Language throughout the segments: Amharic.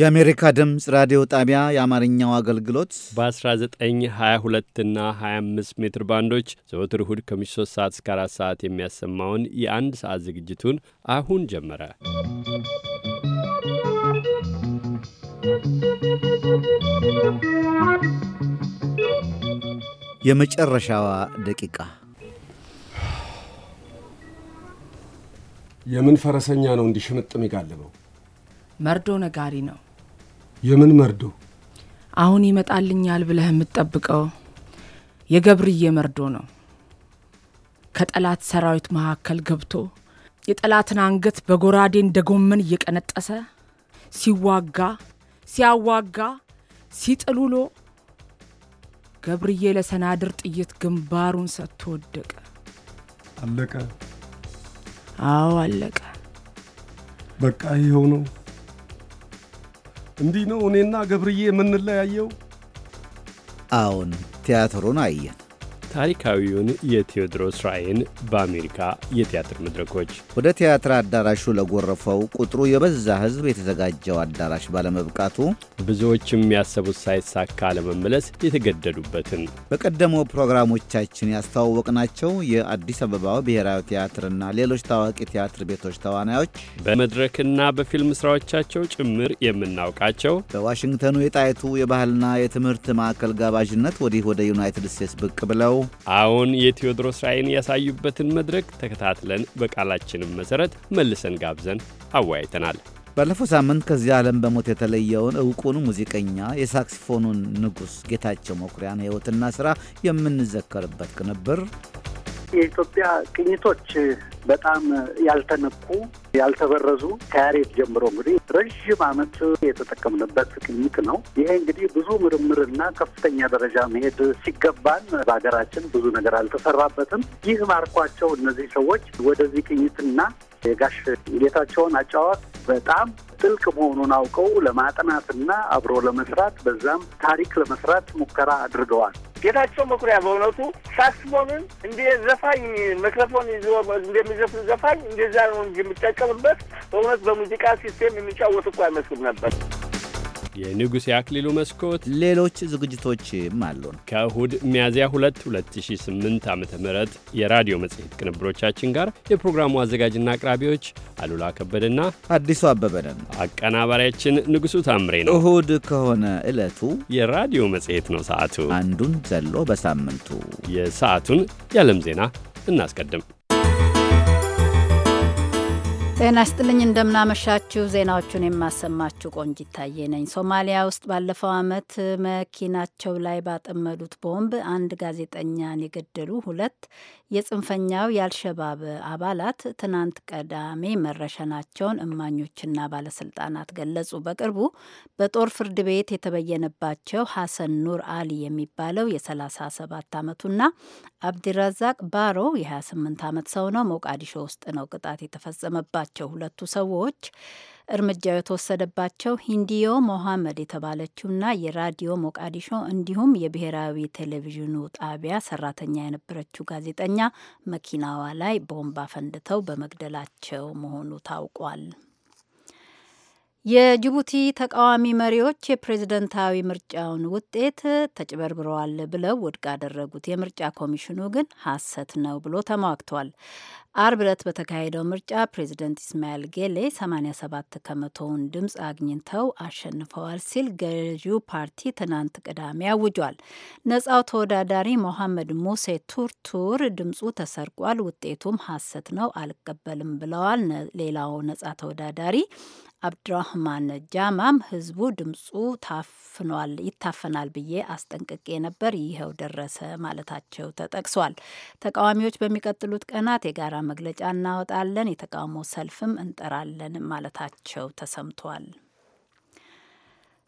የአሜሪካ ድምፅ ራዲዮ ጣቢያ የአማርኛው አገልግሎት በ1922 እና 25 ሜትር ባንዶች ዘወትር እሁድ ከምሽቱ 3 ሰዓት እስከ 4 ሰዓት የሚያሰማውን የአንድ ሰዓት ዝግጅቱን አሁን ጀመረ። የመጨረሻዋ ደቂቃ የምን ፈረሰኛ ነው እንዲህ ሽምጥ የሚጋልበው? መርዶ ነጋሪ ነው። የምን መርዶ? አሁን ይመጣልኛል ብለህ የምትጠብቀው የገብርዬ መርዶ ነው። ከጠላት ሰራዊት መካከል ገብቶ የጠላትን አንገት በጎራዴ እንደ ጎመን እየቀነጠሰ ሲዋጋ ሲያዋጋ ሲጥል ውሎ ገብርዬ ለሰናድር ጥይት ግንባሩን ሰጥቶ ወደቀ። አለቀ። አዎ አለቀ። በቃ ይኸው ነው። እንዲህ ነው እኔና ገብርዬ የምንለያየው? አዎን፣ ቲያትሩን አየን። ታሪካዊውን የቴዎድሮስ ራይን በአሜሪካ የቲያትር መድረኮች ወደ ቲያትር አዳራሹ ለጎረፈው ቁጥሩ የበዛ ሕዝብ የተዘጋጀው አዳራሽ ባለመብቃቱ ብዙዎችም ያሰቡት ሳይሳካ ለመመለስ የተገደዱበትን በቀደሞ ፕሮግራሞቻችን ያስተዋወቅናቸው የአዲስ አበባው ብሔራዊ ቲያትርና ሌሎች ታዋቂ ቲያትር ቤቶች ተዋናዮች በመድረክና በፊልም ስራዎቻቸው ጭምር የምናውቃቸው በዋሽንግተኑ የጣይቱ የባህልና የትምህርት ማዕከል ጋባዥነት ወዲህ ወደ ዩናይትድ ስቴትስ ብቅ ብለው አሁን የቴዎድሮስ ራይን ያሳዩበትን መድረክ ተከታትለን በቃላችንም መሠረት መልሰን ጋብዘን አወያይተናል። ባለፈው ሳምንት ከዚህ ዓለም በሞት የተለየውን እውቁን ሙዚቀኛ የሳክስፎኑን ንጉሥ ጌታቸው መኩሪያን ሕይወትና ስራ የምንዘከርበት ቅንብር የኢትዮጵያ ቅኝቶች በጣም ያልተነኩ ያልተበረዙ ከያሬት ጀምሮ እንግዲህ ረዥም ዓመት የተጠቀምንበት ክሊኒክ ነው። ይሄ እንግዲህ ብዙ ምርምርና ከፍተኛ ደረጃ መሄድ ሲገባን በሀገራችን ብዙ ነገር አልተሰራበትም። ይህ ማርኳቸው እነዚህ ሰዎች ወደዚህ ክኝትና የጋሽ ጌታቸውን አጫዋት በጣም ጥልቅ መሆኑን አውቀው ለማጥናትና አብሮ ለመስራት በዛም ታሪክ ለመስራት ሙከራ አድርገዋል። ጌታቸው መኩሪያ በእውነቱ ሳክስፎንን እንደ ዘፋኝ ማይክሮፎን ይዞ እንደሚዘፍን ዘፋኝ እንደዛ ነው እንጂ የሚጠቀምበት በእውነት በሙዚቃ ሲስቴም የሚጫወት እኮ አይመስል ነበር። የንጉሴ አክሊሉ መስኮት፣ ሌሎች ዝግጅቶችም አሉን። ከእሁድ ሚያዝያ 2 2008 ዓ ም የራዲዮ መጽሔት ቅንብሮቻችን ጋር የፕሮግራሙ አዘጋጅና አቅራቢዎች አሉላ ከበደና አዲሱ አበበነን አቀናባሪያችን ንጉሱ ታምሬ ነው። እሁድ ከሆነ ዕለቱ የራዲዮ መጽሔት ነው። ሰዓቱ አንዱን ዘሎ በሳምንቱ የሰዓቱን የዓለም ዜና እናስቀድም። ጤና ስጥልኝ። እንደምናመሻችሁ። ዜናዎቹን የማሰማችሁ ቆንጅ ይታየ ነኝ። ሶማሊያ ውስጥ ባለፈው ዓመት መኪናቸው ላይ ባጠመዱት ቦምብ አንድ ጋዜጠኛን የገደሉ ሁለት የጽንፈኛው የአልሸባብ አባላት ትናንት ቀዳሜ መረሸናቸውን እማኞችና ባለስልጣናት ገለጹ። በቅርቡ በጦር ፍርድ ቤት የተበየነባቸው ሐሰን ኑር አሊ የሚባለው የ37 ዓመቱና አብዲራዛቅ ባሮ የ28 ዓመት ሰው ነው ሞቃዲሾ ውስጥ ነው ቅጣት የተፈጸመባቸው። ናቸው። ሁለቱ ሰዎች እርምጃው የተወሰደባቸው ሂንዲዮ ሞሐመድ የተባለችውና የራዲዮ ሞቃዲሾ እንዲሁም የብሔራዊ ቴሌቪዥኑ ጣቢያ ሰራተኛ የነበረችው ጋዜጠኛ መኪናዋ ላይ ቦምብ አፈንድተው በመግደላቸው መሆኑ ታውቋል። የጅቡቲ ተቃዋሚ መሪዎች የፕሬዝደንታዊ ምርጫውን ውጤት ተጭበርብረዋል ብለው ውድቅ አደረጉት። የምርጫ ኮሚሽኑ ግን ሐሰት ነው ብሎ ተሟግቷል። አርብ ዕለት በተካሄደው ምርጫ ፕሬዝደንት ኢስማኤል ጌሌ 87 ከመቶውን ድምፅ አግኝተው አሸንፈዋል ሲል ገዢው ፓርቲ ትናንት ቅዳሜ አውጇል። ነጻው ተወዳዳሪ ሞሐመድ ሙሴ ቱርቱር ድምፁ ተሰርቋል፣ ውጤቱም ሐሰት ነው፣ አልቀበልም ብለዋል። ሌላው ነጻ ተወዳዳሪ አብድራህማን ጃማም ህዝቡ ድምፁ ታፍኗል ይታፈናል ብዬ አስጠንቅቄ ነበር፣ ይኸው ደረሰ ማለታቸው ተጠቅሷል። ተቃዋሚዎች በሚቀጥሉት ቀናት የጋራ መግለጫ እናወጣለን፣ የተቃውሞ ሰልፍም እንጠራለን ማለታቸው ተሰምቷል።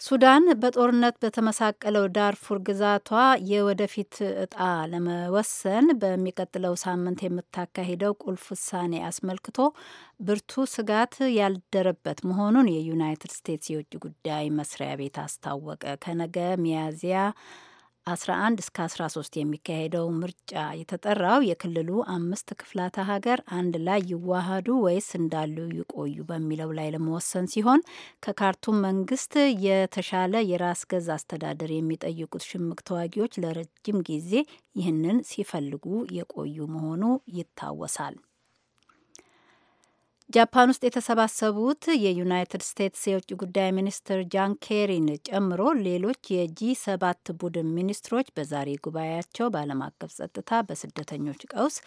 ሱዳን በጦርነት በተመሳቀለው ዳርፉር ግዛቷ የወደፊት እጣ ለመወሰን በሚቀጥለው ሳምንት የምታካሂደው ቁልፍ ውሳኔ አስመልክቶ ብርቱ ስጋት ያልደረበት መሆኑን የዩናይትድ ስቴትስ የውጭ ጉዳይ መስሪያ ቤት አስታወቀ። ከነገ ሚያዝያ 11 እስከ 13 የሚካሄደው ምርጫ የተጠራው የክልሉ አምስት ክፍላተ ሀገር አንድ ላይ ይዋሃዱ ወይስ እንዳሉ ይቆዩ በሚለው ላይ ለመወሰን ሲሆን ከካርቱም መንግስት የተሻለ የራስ ገዝ አስተዳደር የሚጠይቁት ሽምቅ ተዋጊዎች ለረጅም ጊዜ ይህንን ሲፈልጉ የቆዩ መሆኑ ይታወሳል። ጃፓን ውስጥ የተሰባሰቡት የዩናይትድ ስቴትስ የውጭ ጉዳይ ሚኒስትር ጃን ኬሪን ጨምሮ ሌሎች የጂ ሰባት ቡድን ሚኒስትሮች በዛሬ ጉባኤያቸው በዓለም አቀፍ ጸጥታ፣ በስደተኞች ቀውስ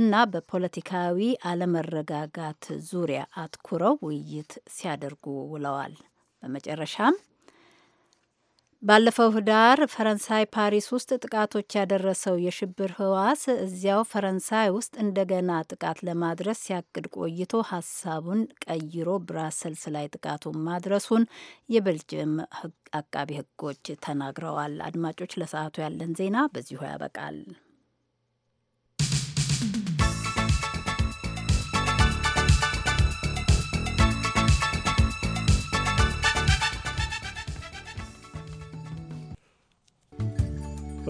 እና በፖለቲካዊ አለመረጋጋት ዙሪያ አትኩረው ውይይት ሲያደርጉ ውለዋል። በመጨረሻም ባለፈው ህዳር ፈረንሳይ ፓሪስ ውስጥ ጥቃቶች ያደረሰው የሽብር ህዋስ እዚያው ፈረንሳይ ውስጥ እንደገና ጥቃት ለማድረስ ሲያቅድ ቆይቶ ሀሳቡን ቀይሮ ብራሰልስ ላይ ጥቃቱን ማድረሱን የቤልጅየም አቃቢ ህጎች ተናግረዋል። አድማጮች፣ ለሰዓቱ ያለን ዜና በዚሁ ያበቃል።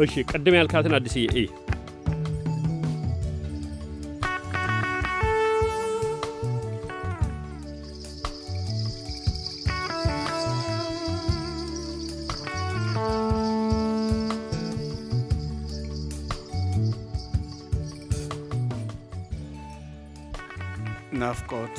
እሺ ቅድም ያልካትን አዲስዬ እ ናፍቆት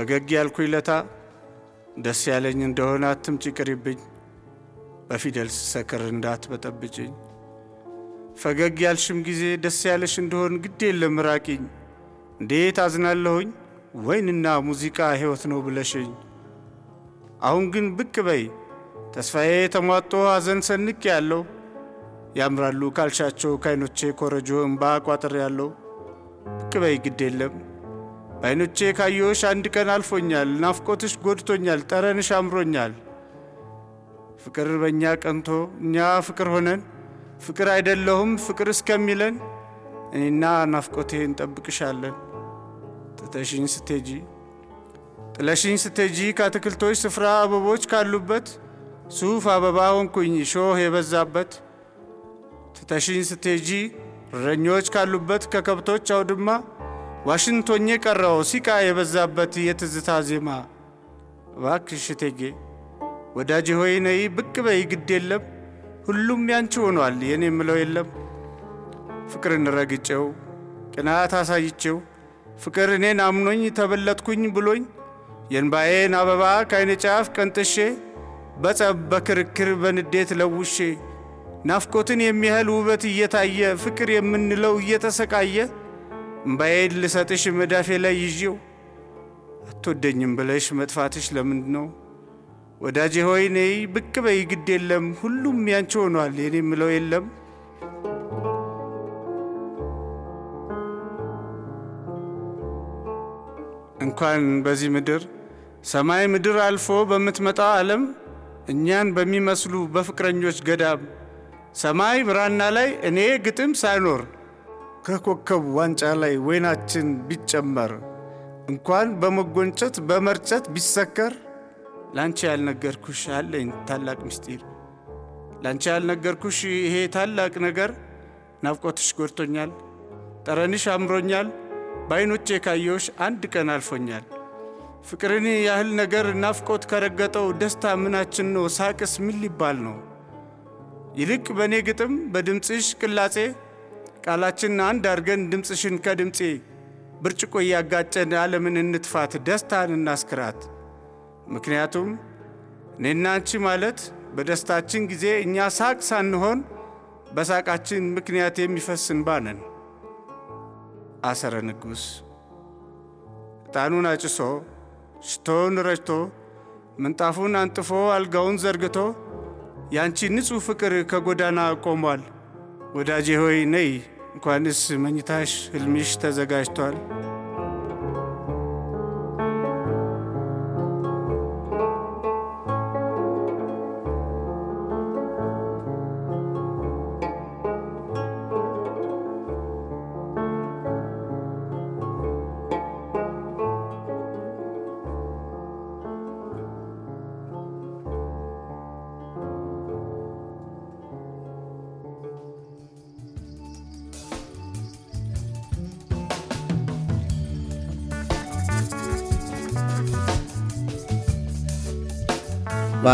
ፈገግ ያልኩ ይለታ ደስ ያለኝ እንደሆነ አትምጪ ቅሪብኝ፣ በፊደል ስሰክር እንዳትበጠብጭኝ። ፈገግ ያልሽም ጊዜ ደስ ያለሽ እንደሆን ግዴ የለም ራቂኝ። እንዴት አዝናለሁኝ ወይንና ሙዚቃ ሕይወት ነው ብለሽኝ። አሁን ግን ብቅ በይ ተስፋዬ ተሟጦ አዘን ሰንቅ ያለው ያምራሉ ካልሻቸው ካይኖቼ ኮረጆ እምባ ቋጥር ያለው ብቅ በይ ግድ የለም በአይኖቼ ካየሁሽ አንድ ቀን አልፎኛል። ናፍቆትሽ ጎድቶኛል፣ ጠረንሽ አምሮኛል። ፍቅር በእኛ ቀንቶ እኛ ፍቅር ሆነን ፍቅር አይደለሁም ፍቅር እስከሚለን እኔና ናፍቆቴ እንጠብቅሻለን። ጥተሽኝ ስቴጂ ጥለሽኝ ስቴጂ ከአትክልቶች ስፍራ አበቦች ካሉበት ሱፍ አበባ ሆንኩኝ ሾህ የበዛበት ትተሽኝ ስቴጂ እረኞች ካሉበት ከከብቶች አውድማ ዋሽንቶኝ የቀረው ሲቃ የበዛበት የትዝታ ዜማ። እባክሽ እቴጌ ወዳጅ ሆይ ነይ ብቅ በይ ግድ የለም ሁሉም ያንቺ ሆኗል የኔ የምለው የለም። ፍቅርን ረግጨው ቅናት አሳይቼው ፍቅር እኔን አምኖኝ ተበለጥኩኝ ብሎኝ የእንባዬን አበባ ከአይነ ጫፍ ቀንጥሼ በጸብ በክርክር በንዴት ለውሼ ናፍቆትን የሚያህል ውበት እየታየ ፍቅር የምንለው እየተሰቃየ እምባዬን ልሰጥሽ መዳፌ ላይ ይዤው አትወደኝም ብለሽ መጥፋትሽ ለምንድን ነው? ወዳጄ ሆይ ነይ ብቅ በይ ግድ የለም ሁሉም ያንቺ ሆኗል የኔ ምለው የለም። እንኳን በዚህ ምድር ሰማይ ምድር አልፎ በምትመጣው ዓለም እኛን በሚመስሉ በፍቅረኞች ገዳም ሰማይ ብራና ላይ እኔ ግጥም ሳይኖር ከኮከብ ዋንጫ ላይ ወይናችን ቢጨመር እንኳን በመጎንጨት በመርጨት ቢሰከር ላንቺ ያልነገርኩሽ አለኝ ታላቅ ምስጢር ላንቺ ያልነገርኩሽ ይሄ ታላቅ ነገር ናፍቆትሽ ጎድቶኛል፣ ጠረንሽ አምሮኛል፣ በዓይኖቼ ካየሁሽ አንድ ቀን አልፎኛል። ፍቅርን ያህል ነገር ናፍቆት ከረገጠው ደስታ ምናችን ነው? ሳቅስ ምን ሊባል ነው? ይልቅ በእኔ ግጥም በድምፅሽ ቅላጼ ቃላችንን አንድ አድርገን ድምፅሽን ከድምፄ ብርጭቆ እያጋጨን ዓለምን እንትፋት፣ ደስታን እናስክራት። ምክንያቱም እኔና አንቺ ማለት በደስታችን ጊዜ እኛ ሳቅ ሳንሆን በሳቃችን ምክንያት የሚፈስ እንባ ነን። አሰረ ንጉሥ ዕጣኑን አጭሶ ሽቶውን ረጭቶ ምንጣፉን አንጥፎ አልጋውን ዘርግቶ ያንቺ ንጹሕ ፍቅር ከጎዳና ቆሟል። ወዳጄ ሆይ ነይ፣ እንኳንስ መኝታሽ ህልምሽ ተዘጋጅቷል።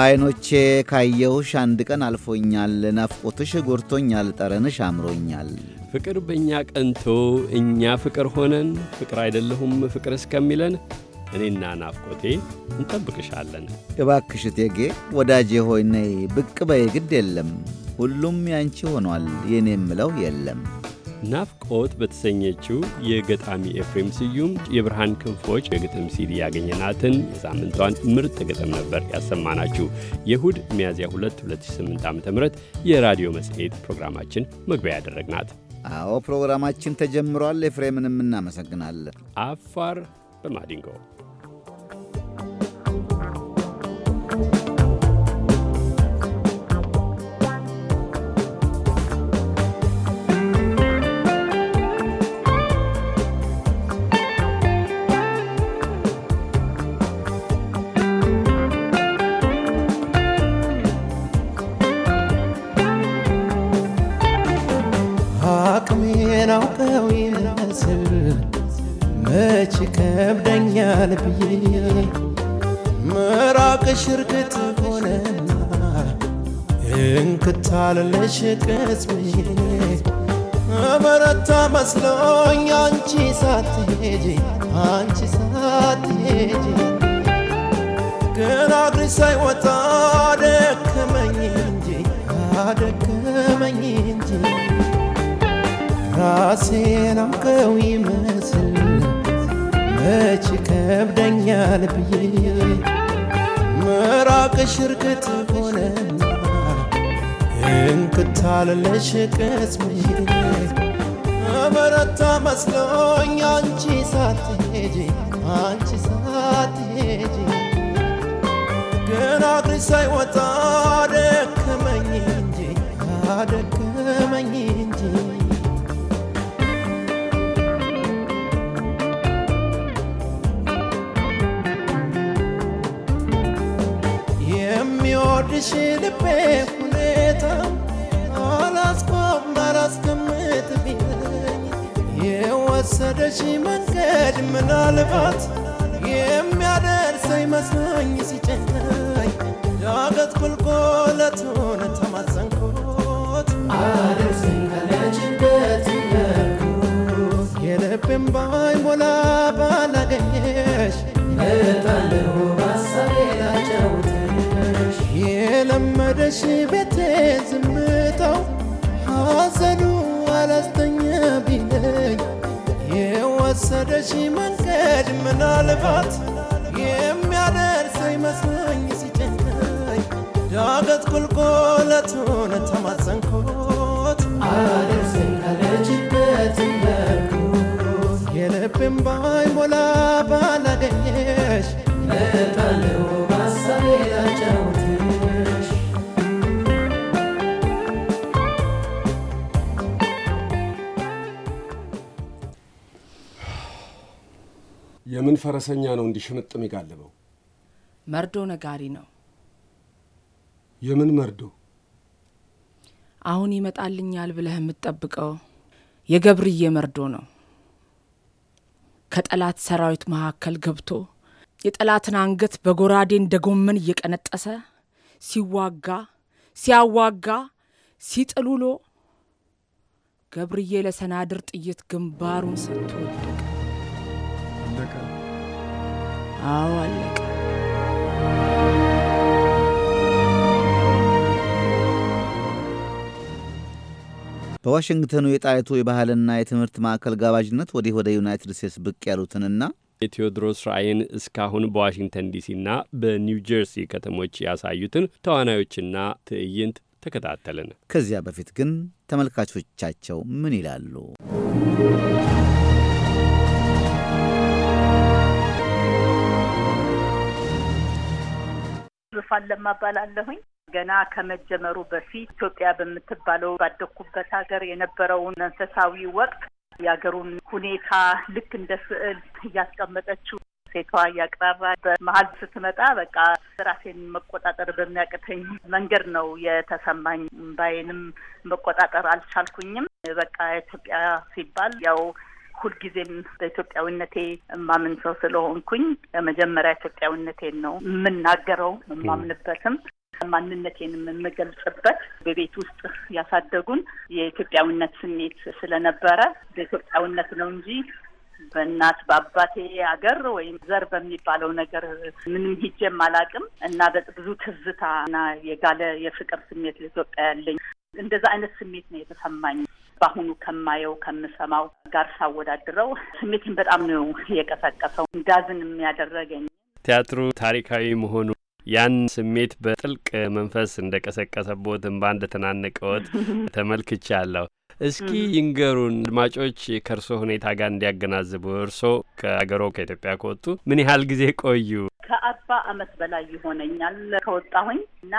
በዐይኖቼ ካየሁሽ አንድ ቀን አልፎኛል፣ ናፍቆትሽ ጎርቶኛል፣ ጠረንሽ አምሮኛል። ፍቅር በእኛ ቀንቶ እኛ ፍቅር ሆነን ፍቅር አይደለሁም ፍቅር እስከሚለን እኔና ናፍቆቴ እንጠብቅሻለን። እባክሽ እቴጌ ወዳጄ ሆይ ነይ ብቅ በይ፣ ግድ የለም ሁሉም ያንቺ ሆኗል፣ የኔ የምለው የለም። ናፍቆት በተሰኘችው የገጣሚ ኤፍሬም ስዩም የብርሃን ክንፎች የግጥም ሲዲ ያገኘናትን የሳምንቷን ምርጥ ግጥም ነበር ያሰማናችሁ። የእሁድ ሚያዝያ 2 2008 ዓ ም የራዲዮ መጽሔት ፕሮግራማችን መግቢያ ያደረግናት። አዎ ፕሮግራማችን ተጀምሯል። ኤፍሬምንም እናመሰግናለን። አፋር በማዲንጎ ቅስሜ በረታ መስሎኝ አንቺ ሳትሄጂ አንቺ ሳትሄጂ ግን እግሬ ሳይወጣ ደከመኝ እንጂ አደከመኝ እንጂ ራሴን አውቀው ይመስል መች ከብደኛል ብዬ ምራቅሽ እርግጥ እንክታለለሽ ቅስሜ በረታ መስሎኝ አንቺ ሳትሄጂ አንቺ ሳትሄጂ ግን አግሪ ሳይወጣ ደከመኝ እንጂ አደከ ወድሽ ልቤ ሁኔታ አላስቆም ላላስገምት ቢለኝ የወሰደሽ መንገድ ምናልባት የሚያደርሰኝ መስሎኝ ሲጨናኝ ዳገት ቁልቁለቱን ተማዘንኩት አደርሰኝ ካለችበት ባላገኘሽ እመጣለሁ ባሳቤ የለመደሽ ቤቴ ዝምታው ሐዘኑ አላስተኛ ቢለኝ የወሰደሽ መንገድ ምናልባት የሚያደርሰኝ መስሎኝ ሲጨነኝ ዳገት ቁልቁለቱን ተማጸንኩት አደርሰኝ ካለችበት የልብም ባይሞላ ባላገኘሽ መጣለው ምን ፈረሰኛ ነው እንዲህ ሽምጥ መርዶ ነጋሪ ነው። የምን መርዶ? አሁን ይመጣልኛል ብለህ የምትጠብቀው የገብርዬ መርዶ ነው። ከጠላት ሰራዊት መካከል ገብቶ የጠላትን አንገት በጎራዴ እንደ ጎመን እየቀነጠሰ ሲዋጋ ሲያዋጋ ሲጥል ውሎ ገብርዬ ለሰናድር ጥይት ግንባሩን ሰጥቶ ወደቀ። አዎ አለቀ። በዋሽንግተኑ የጣይቱ የባህልና የትምህርት ማዕከል ጋባዥነት ወዲህ ወደ ዩናይትድ ስቴትስ ብቅ ያሉትንና የቴዎድሮስ ራእይን እስካሁን በዋሽንግተን ዲሲና በኒው ጀርሲ ከተሞች ያሳዩትን ተዋናዮችና ትዕይንት ተከታተልን። ከዚያ በፊት ግን ተመልካቾቻቸው ምን ይላሉ? ዙፋን ለማ እባላለሁኝ። ገና ከመጀመሩ በፊት ኢትዮጵያ በምትባለው ባደግኩበት ሀገር የነበረውን መንፈሳዊ ወቅት የሀገሩን ሁኔታ ልክ እንደ ስዕል እያስቀመጠችው ሴቷ እያቅራራ በመሀል ስትመጣ በቃ ራሴን መቆጣጠር በሚያቅተኝ መንገድ ነው የተሰማኝ። ባይንም መቆጣጠር አልቻልኩኝም። በቃ ኢትዮጵያ ሲባል ያው ሁልጊዜም በኢትዮጵያዊነቴ የማምን ሰው ስለሆንኩኝ መጀመሪያ ኢትዮጵያዊነቴን ነው የምናገረው የማምንበትም ማንነቴንም የምገልጽበት በቤት ውስጥ ያሳደጉን የኢትዮጵያዊነት ስሜት ስለነበረ በኢትዮጵያዊነት ነው እንጂ በእናት በአባቴ ሀገር ወይም ዘር በሚባለው ነገር ምንም ሂጄም አላውቅም እና ብዙ ትዝታና የጋለ የፍቅር ስሜት ለኢትዮጵያ ያለኝ እንደዛ አይነት ስሜት ነው የተሰማኝ። በአሁኑ ከማየው ከምሰማው ጋር ሳወዳድረው ስሜትን በጣም ነው የቀሰቀሰው፣ እንዳዝን የሚያደረገኝ ቲያትሩ ታሪካዊ መሆኑ ያን ስሜት በጥልቅ መንፈስ እንደ ቀሰቀሰቦት እንባ እንደተናነቀወት ተመልክቻለሁ። እስኪ ይንገሩን አድማጮች ከእርሶ ሁኔታ ጋር እንዲያገናዝቡ፣ እርሶ ከሀገሮ ከኢትዮጵያ ከወጡ ምን ያህል ጊዜ ቆዩ? ከአርባ አመት በላይ ይሆነኛል ከወጣሁኝ እና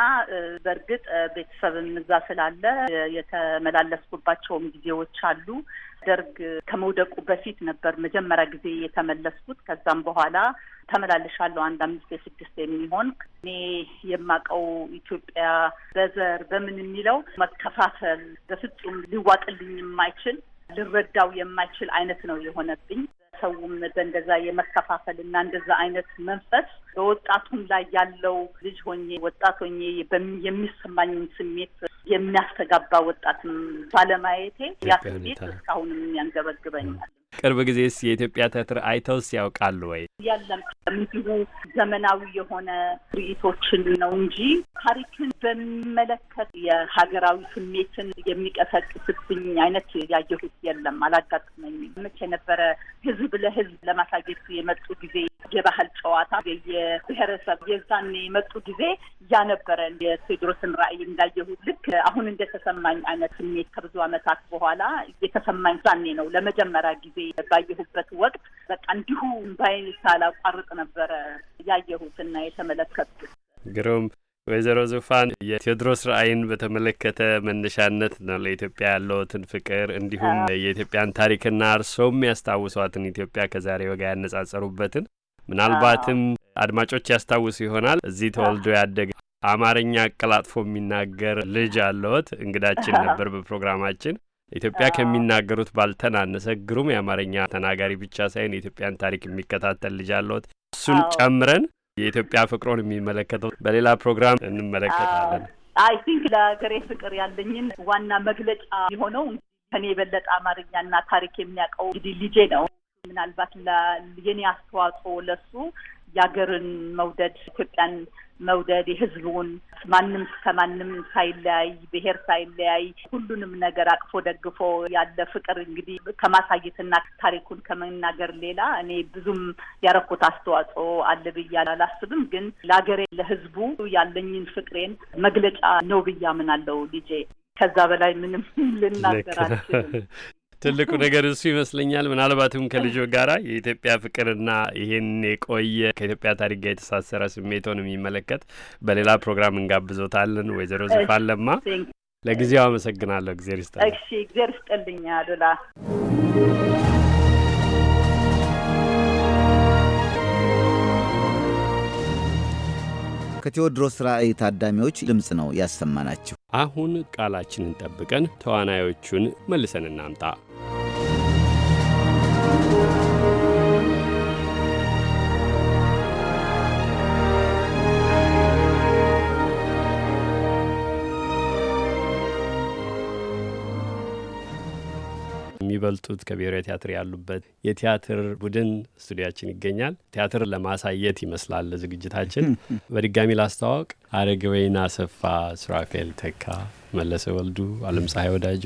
በእርግጥ ቤተሰብም እዛ ስላለ የተመላለስኩባቸውም ጊዜዎች አሉ። ደርግ ከመውደቁ በፊት ነበር መጀመሪያ ጊዜ የተመለስኩት። ከዛም በኋላ ተመላልሻለሁ አንድ አምስት የስድስት የሚሆን እኔ የማውቀው ኢትዮጵያ በዘር በምን የሚለው መከፋፈል በፍጹም ሊዋጥልኝ የማይችል ልረዳው የማይችል አይነት ነው የሆነብኝ። ሰውም በእንደዛ የመከፋፈል እና እንደዛ አይነት መንፈስ በወጣቱም ላይ ያለው ልጅ ሆኜ ወጣት ሆኜ የሚሰማኝን ስሜት የሚያስተጋባ ወጣትም ባለማየቴ ያ ስሜት እስካሁንም ያንገበግበኛል። ቅርብ ጊዜስ የኢትዮጵያ ቲያትር አይተውስ ያውቃሉ ወይ? የለም፣ እንዲሁ ዘመናዊ የሆነ ትርኢቶችን ነው እንጂ ታሪክን በሚመለከት የሀገራዊ ስሜትን የሚቀሰቅስብኝ አይነት ያየሁት የለም፣ አላጋጥመኝም። መቼ ነበረ ህዝብ ለህዝብ ለማሳየት የመጡ ጊዜ የባህል ጨዋታ የብሔረሰብ የዛን የመጡ ጊዜ ያነበረን የቴዎድሮስን ራዕይ እንዳየሁት ልክ አሁን እንደተሰማኝ አይነት ስሜት ከብዙ ዓመታት በኋላ የተሰማኝ ዛኔ ነው ለመጀመሪያ ጊዜ ባየሁበት ወቅት በቃ እንዲሁ ባይን ሳላቋርጥ ነበረ ያየሁት እና ግሩም ወይዘሮ ዙፋን የቴዎድሮስ ራእይን በተመለከተ መነሻነት ነው ለኢትዮጵያ ያለውትን ፍቅር እንዲሁም የኢትዮጵያን ታሪክና እርሶም ያስታውሷትን ኢትዮጵያ ከዛሬ ወጋ ያነጻጸሩበትን ምናልባትም አድማጮች ያስታውሱ ይሆናል። እዚህ ተወልዶ ያደገ አማርኛ አቀላጥፎ የሚናገር ልጅ አለዎት። እንግዳችን ነበር በፕሮግራማችን። ኢትዮጵያ ከሚናገሩት ባልተናነሰ ግሩም የአማርኛ ተናጋሪ ብቻ ሳይሆን የኢትዮጵያን ታሪክ የሚከታተል ልጅ አለዎት። እሱን ጨምረን የኢትዮጵያ ፍቅሮን የሚመለከተው በሌላ ፕሮግራም እንመለከታለን። አይ ቲንክ ለሀገሬ ፍቅር ያለኝን ዋና መግለጫ የሆነው ከኔ የበለጠ አማርኛና ታሪክ የሚያውቀው እንግዲህ ልጄ ነው። ምናልባት የኔ አስተዋጽኦ ለሱ የሀገርን መውደድ ኢትዮጵያን መውደድ የህዝቡን ማንም ከማንም ሳይለያይ ብሔር ሳይለያይ ሁሉንም ነገር አቅፎ ደግፎ ያለ ፍቅር እንግዲህ ከማሳየትና ታሪኩን ከመናገር ሌላ እኔ ብዙም ያረኩት አስተዋጽኦ አለ ብዬ አላስብም። ግን ለሀገሬ ለህዝቡ ያለኝን ፍቅሬን መግለጫ ነው ብዬ አምናለሁ ልጄ። ከዛ በላይ ምንም አልችልም። ትልቁ ነገር እሱ ይመስለኛል። ምናልባትም ከልጆ ጋራ የኢትዮጵያ ፍቅርና ይህን የቆየ ከኢትዮጵያ ታሪክ ጋር የተሳሰረ ስሜቶን የሚመለከት በሌላ ፕሮግራም እንጋብዞታለን። ወይዘሮ ዘፋን ለማ ለጊዜው አመሰግናለሁ። እግዜር ይስጥልኝ። እሺ፣ እግዜር ይስጥልኝ አሉላ ከቴዎድሮስ ራእይ ታዳሚዎች ድምፅ ነው ያሰማናችሁ። አሁን ቃላችንን ጠብቀን ተዋናዮቹን መልሰን እናምጣ። የሚበልጡት ከብሔራዊ ቲያትር ያሉበት የቲያትር ቡድን ስቱዲያችን ይገኛል። ቲያትር ለማሳየት ይመስላል ዝግጅታችን። በድጋሚ ላስተዋወቅ አረገወይን አሰፋ፣ ስራፌል ተካ፣ መለሰ ወልዱ፣ አለም ፀሐይ ወዳጆ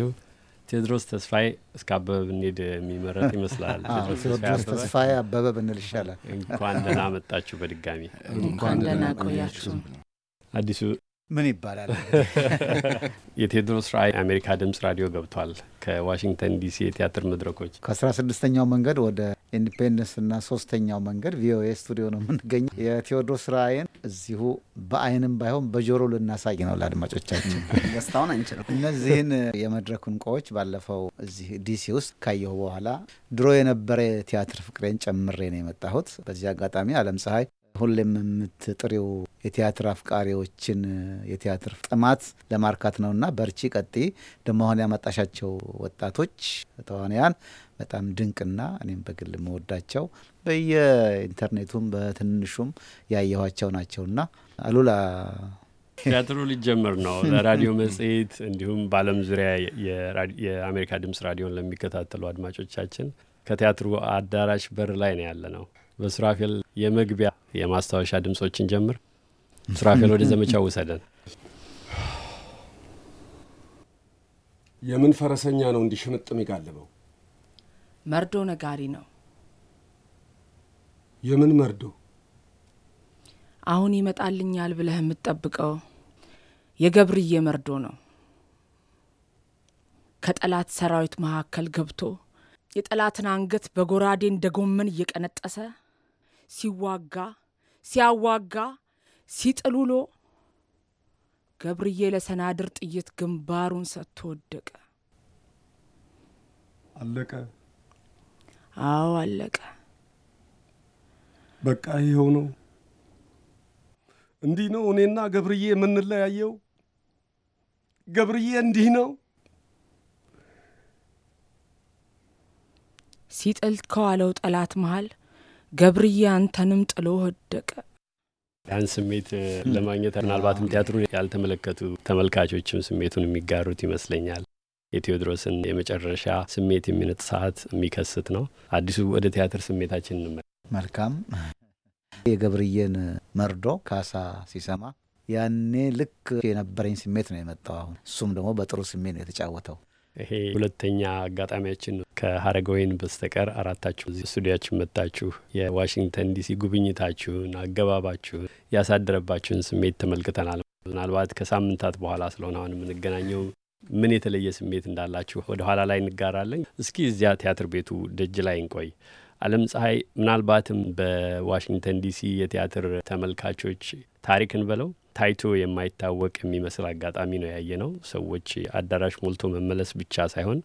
ቴዎድሮስ ተስፋዬ እስከ አበበ ብንሄድ የሚመረጥ ይመስላል። ቴድሮስ ተስፋዬ አበበ ብንል ይሻላል። እንኳን ደህና መጣችሁ። በድጋሚ እንኳን ደህና ቆያችሁ። አዲሱ ምን ይባላል? የቴዎድሮስ ራዕይ የአሜሪካ ድምጽ ራዲዮ ገብቷል። ከዋሽንግተን ዲሲ የቲያትር መድረኮች ከ ስድስተኛው መንገድ ወደ ኢንዲፔንደንስ ሶስተኛው መንገድ ቪኦኤ ስቱዲዮ ነው የምንገኘው። የቴዎድሮስ ራዕይን እዚሁ በአይንም ባይሆን በጆሮ ልናሳይ ነው ለአድማጮቻችን። ገስታውን አንችልም። እነዚህን የመድረኩን ዕቃዎች ባለፈው እዚህ ዲሲ ውስጥ ካየሁ በኋላ ድሮ የነበረ የቲያትር ፍቅሬን ጨምሬ ነው የመጣሁት። በዚህ አጋጣሚ አለም ፀሐይ ሁሌም የምትጥሪው የቲያትር አፍቃሪዎችን የቲያትር ጥማት ለማርካት ነውና በርቺ፣ ቀጢ። ደግሞ አሁን ያመጣሻቸው ወጣቶች ተዋንያን በጣም ድንቅና እኔም በግል መወዳቸው በየኢንተርኔቱም በትንሹም ያየኋቸው ናቸውና አሉላ ቲያትሩ ሊጀመር ነው። ለራዲዮ መጽሔት እንዲሁም በዓለም ዙሪያ የአሜሪካ ድምጽ ራዲዮን ለሚከታተሉ አድማጮቻችን ከቲያትሩ አዳራሽ በር ላይ ነው ያለ ነው። በሱራፌል የመግቢያ የማስታወሻ ድምጾችን ጀምር። ሱራፌል ወደ ዘመቻው ውሰደን። የምን ፈረሰኛ ነው እንዲህ ሽምጥም የጋለበው? መርዶ ነጋሪ ነው። የምን መርዶ? አሁን ይመጣልኛል ብለህ የምትጠብቀው የገብርዬ መርዶ ነው። ከጠላት ሰራዊት መካከል ገብቶ የጠላትን አንገት በጎራዴ እንደ ጎመን እየቀነጠሰ ሲዋጋ ሲያዋጋ ሲጥሉሎ ገብርዬ ለሰናድር ጥይት ግንባሩን ሰጥቶ ወደቀ። አለቀ። አዎ አለቀ። በቃ ይኸው ነው። እንዲህ ነው እኔና ገብርዬ የምንለያየው። ገብርዬ እንዲህ ነው ሲጥል ከዋለው ጠላት መሃል ገብርዬ አንተንም ጥሎ ወደቀ። ያን ስሜት ለማግኘት ምናልባትም ቲያትሩን ያልተመለከቱ ተመልካቾችም ስሜቱን የሚጋሩት ይመስለኛል። የቴዎድሮስን የመጨረሻ ስሜት የሚነጥ ሰዓት የሚከስት ነው። አዲሱ ወደ ቲያትር ስሜታችን እንመ መልካም የገብርዬን መርዶ ካሳ ሲሰማ ያኔ ልክ የነበረኝ ስሜት ነው የመጣው። አሁን እሱም ደግሞ በጥሩ ስሜት ነው የተጫወተው። ይሄ ሁለተኛ አጋጣሚያችን ነው። ከሀረገወይን በስተቀር አራታችሁ እዚህ ስቱዲያችን መጥታችሁ የዋሽንግተን ዲሲ ጉብኝታችሁን፣ አገባባችሁን ያሳደረባችሁን ስሜት ተመልክተናል። ምናልባት ከሳምንታት በኋላ ስለሆነ አሁን የምንገናኘው ምን የተለየ ስሜት እንዳላችሁ ወደ ኋላ ላይ እንጋራለን። እስኪ እዚያ ቲያትር ቤቱ ደጅ ላይ እንቆይ። አለም ፀሐይ ምናልባትም በዋሽንግተን ዲሲ የቲያትር ተመልካቾች ታሪክን ብለው ታይቶ የማይታወቅ የሚመስል አጋጣሚ ነው ያየ ነው። ሰዎች አዳራሽ ሞልቶ መመለስ ብቻ ሳይሆን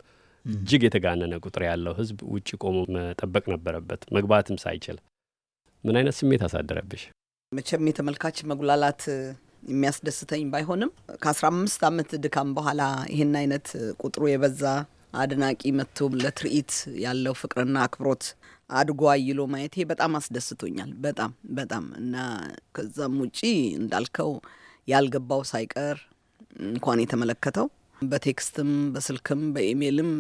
እጅግ የተጋነነ ቁጥር ያለው ህዝብ ውጭ ቆሞ መጠበቅ ነበረበት፣ መግባትም ሳይችል። ምን አይነት ስሜት አሳደረብሽ? መቼም የተመልካች መጉላላት የሚያስደስተኝ ባይሆንም ከአስራ አምስት አመት ድካም በኋላ ይህን አይነት ቁጥሩ የበዛ አድናቂ መጥቶ ለትርኢት ያለው ፍቅርና አክብሮት አድጎ አይሎ ማየቴ በጣም አስደስቶኛል። በጣም በጣም እና ከዛም ውጪ እንዳልከው ያልገባው ሳይቀር እንኳን የተመለከተው በቴክስትም በስልክም በኢሜይልም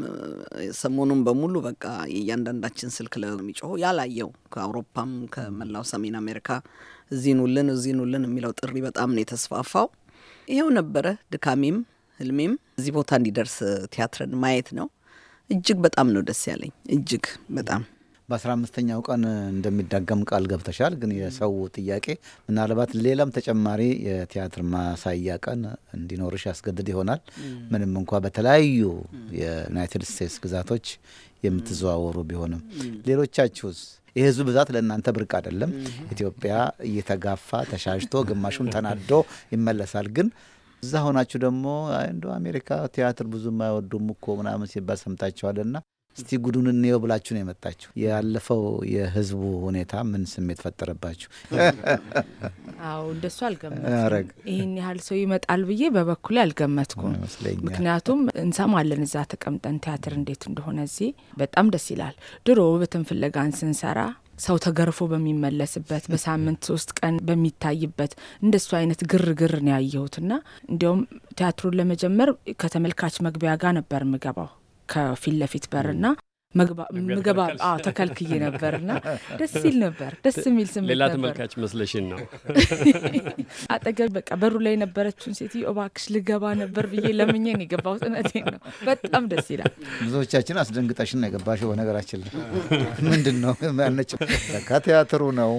ሰሞኑን በሙሉ በቃ የእያንዳንዳችን ስልክ ላይ የሚጮኸው ያላየው ከአውሮፓም ከመላው ሰሜን አሜሪካ እዚህኑልን እዚህኑልን የሚለው ጥሪ በጣም ነው የተስፋፋው። ይኸው ነበረ ድካሜም ህልሜም እዚህ ቦታ እንዲደርስ ቲያትርን ማየት ነው። እጅግ በጣም ነው ደስ ያለኝ። እጅግ በጣም በ አምስተኛው ቀን እንደሚዳገም ቃል ገብተሻል። ግን የሰው ጥያቄ ምናልባት ሌላም ተጨማሪ የቲያትር ማሳያ ቀን እንዲኖርሽ ያስገድድ ይሆናል። ምንም እንኳ በተለያዩ የዩናይትድ ስቴትስ ግዛቶች የምትዘዋወሩ ቢሆንም ሌሎቻችሁስ? የህዝብ ብዛት ለእናንተ ብርቅ አይደለም። ኢትዮጵያ እየተጋፋ ተሻሽቶ፣ ግማሹም ተናዶ ይመለሳል። ግን እዛ ሆናችሁ ደግሞ እንደ አሜሪካ ቲያትር ብዙም አይወዱም እኮ ምናምን ሲባል ሰምታችኋልና እስቲ ጉዱን እንየው ብላችሁ ነው የመጣችሁ። ያለፈው የህዝቡ ሁኔታ ምን ስሜት ፈጠረባችሁ? አዎ እንደሱ አልገመትኩም። ይህን ያህል ሰው ይመጣል ብዬ በበኩሌ አልገመትኩም። ምክንያቱም እንሰማለን እዛ ተቀምጠን ቲያትር እንዴት እንደሆነ እዚህ በጣም ደስ ይላል። ድሮ ውበትን ፍለጋን ስንሰራ ሰው ተገርፎ በሚመለስበት በሳምንት ሶስት ቀን በሚታይበት እንደሱ አይነት ግርግር ነው ያየሁትና እንዲያውም ቲያትሩን ለመጀመር ከተመልካች መግቢያ ጋር ነበር ምገባው ከፊት ለፊት በርና ምግባ ተከልክዬ ነበር ነበርና ደስ ሲል ነበር። ደስ የሚል ስም ሌላ ተመልካች መስለሽን ነው። አጠገብ በቃ በሩ ላይ የነበረችውን ሴትዮ እባክሽ ልገባ ነበር ብዬ ለምኘን የገባሁት። እውነቴን ነው። በጣም ደስ ይላል። ብዙዎቻችን አስደንግጠሽን ነው የገባሽው። በነገራችን ላይ ምንድን ነው ያነች በቃ ቲያትሩ ነው።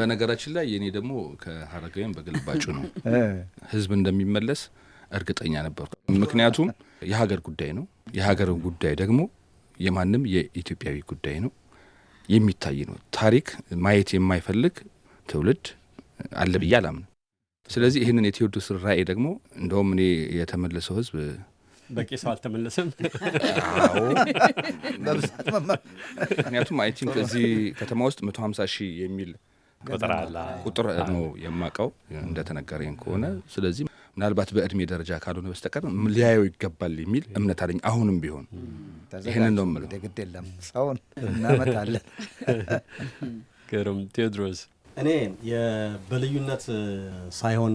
በነገራችን ላይ የእኔ ደግሞ ከሀረጋዊም በግልባጩ ነው። ህዝብ እንደሚመለስ እርግጠኛ ነበርኩ። ምክንያቱም የሀገር ጉዳይ ነው የሀገርን ጉዳይ ደግሞ የማንም የኢትዮጵያዊ ጉዳይ ነው፣ የሚታይ ነው። ታሪክ ማየት የማይፈልግ ትውልድ አለ ብዬ አላምን። ስለዚህ ይህንን የቴዎድሮስን ራዕይ ደግሞ እንደውም እኔ የተመለሰው ህዝብ በቂ ሰው አልተመለሰም። ምክንያቱም አይ ቲንክ እዚህ ከተማ ውስጥ መቶ ሀምሳ ሺህ የሚል ቁጥር ነው የማውቀው እንደተነገረኝ ከሆነ ስለዚህ ምናልባት በእድሜ ደረጃ ካልሆነ በስተቀር ሊያየው ይገባል የሚል እምነት አለኝ። አሁንም ቢሆን ይህንን ነው የምለው። ግድ የለም ሰውን እናመጣለን። ግሩም ቴዎድሮስ፣ እኔ በልዩነት ሳይሆን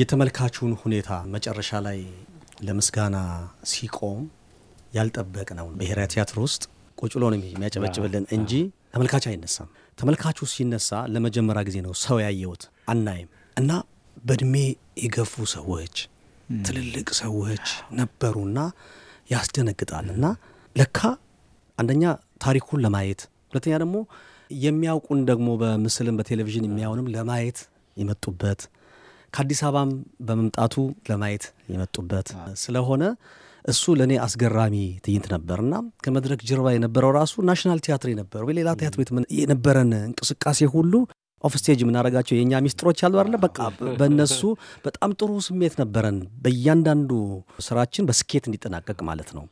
የተመልካቹን ሁኔታ መጨረሻ ላይ ለምስጋና ሲቆም ያልጠበቅ ነው ብሔራዊ ቲያትር ውስጥ ቁጭ ብሎ ነው የሚያጨበጭብልን እንጂ ተመልካች አይነሳም። ተመልካቹ ሲነሳ ለመጀመሪያ ጊዜ ነው ሰው ያየሁት አናይም እና በእድሜ የገፉ ሰዎች ትልልቅ ሰዎች ነበሩና ያስደነግጣል። እና ለካ አንደኛ ታሪኩን ለማየት ሁለተኛ ደግሞ የሚያውቁን ደግሞ በምስልም በቴሌቪዥን የሚያውንም ለማየት የመጡበት ከአዲስ አበባም በመምጣቱ ለማየት የመጡበት ስለሆነ እሱ ለእኔ አስገራሚ ትይንት ነበር እና ከመድረክ ጀርባ የነበረው ራሱ ናሽናል ቲያትር የነበረው ሌላ ቲያትር ቤት የነበረን እንቅስቃሴ ሁሉ ኦፍስቴጅ የምናደርጋቸው የእኛ ሚስጥሮች አሉ አለ በቃ በእነሱ በጣም ጥሩ ስሜት ነበረን። በእያንዳንዱ ስራችን በስኬት እንዲጠናቀቅ ማለት ነው።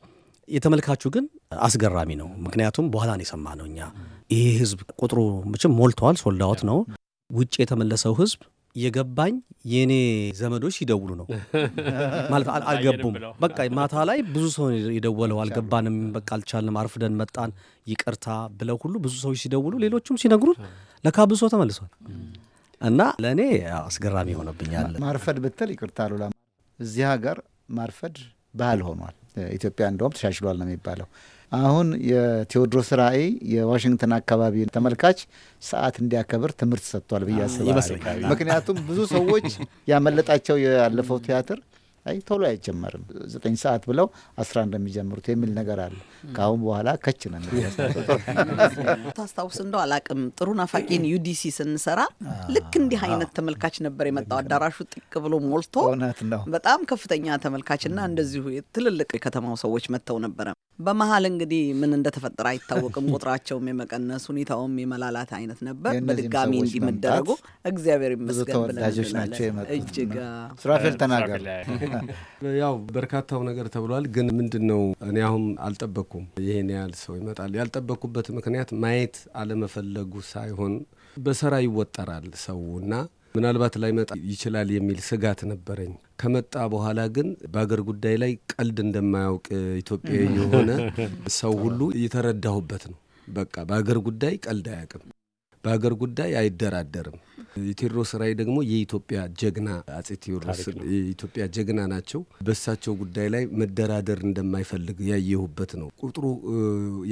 የተመልካቹ ግን አስገራሚ ነው። ምክንያቱም በኋላ ነው የሰማነው እኛ ይህ ህዝብ ቁጥሩ ምችም ሞልተዋል፣ ሶልዳዎት ነው ውጭ የተመለሰው ህዝብ የገባኝ የእኔ ዘመዶች ሲደውሉ ነው ማለት አልገቡም። በቃ ማታ ላይ ብዙ ሰው የደወለው አልገባንም፣ በቃ አልቻልንም፣ አርፍደን መጣን፣ ይቅርታ ብለው ሁሉ ብዙ ሰዎች ሲደውሉ፣ ሌሎቹም ሲነግሩት ለካ ብዙ ሰው ተመልሷል እና ለእኔ አስገራሚ ሆነብኛል። ማርፈድ ብትል ይቅርታ አሉላ፣ እዚህ ሀገር ማርፈድ ባህል ሆኗል። ኢትዮጵያ እንደውም ተሻሽሏል ነው የሚባለው አሁን የቴዎድሮስ ራእይ የዋሽንግተን አካባቢ ተመልካች ሰዓት እንዲያከብር ትምህርት ሰጥቷል ብዬ አስባለሁ። ምክንያቱም ብዙ ሰዎች ያመለጣቸው ያለፈው ቲያትር አይ ቶሎ አይጀመርም ዘጠኝ ሰዓት ብለው አስራ አንድ የሚጀምሩት የሚል ነገር አለ። ከአሁን በኋላ ከች ነን። ታስታውስ እንደው አላቅም ጥሩ ናፋቂን ዩዲሲ ስንሰራ ልክ እንዲህ አይነት ተመልካች ነበር የመጣው። አዳራሹ ጥቅ ብሎ ሞልቶ በጣም ከፍተኛ ተመልካችና እንደዚሁ ትልልቅ የከተማው ሰዎች መጥተው ነበረ። በመሀል እንግዲህ ምን እንደተፈጠረ አይታወቅም። ቁጥራቸውም የመቀነስ ሁኔታውም የመላላት አይነት ነበር። በድጋሚ እንዲመደረጉ እግዚአብሔር ይመስገን ናቸው እጅግ ተናገር። ያው በርካታው ነገር ተብሏል። ግን ምንድን ነው እኔ አሁን አልጠበቅኩም ይህን ያህል ሰው ይመጣል። ያልጠበቅኩበት ምክንያት ማየት አለመፈለጉ ሳይሆን በሰራ ይወጠራል ሰውና ምናልባት ላይመጣ ይችላል የሚል ስጋት ነበረኝ። ከመጣ በኋላ ግን በአገር ጉዳይ ላይ ቀልድ እንደማያውቅ ኢትዮጵያዊ የሆነ ሰው ሁሉ እየተረዳሁበት ነው። በቃ በአገር ጉዳይ ቀልድ አያውቅም። በሀገር ጉዳይ አይደራደርም። የቴዎድሮስ ራዕይ ደግሞ የኢትዮጵያ ጀግና አጼ ቴዎድሮስ የኢትዮጵያ ጀግና ናቸው። በእሳቸው ጉዳይ ላይ መደራደር እንደማይፈልግ ያየሁበት ነው። ቁጥሩ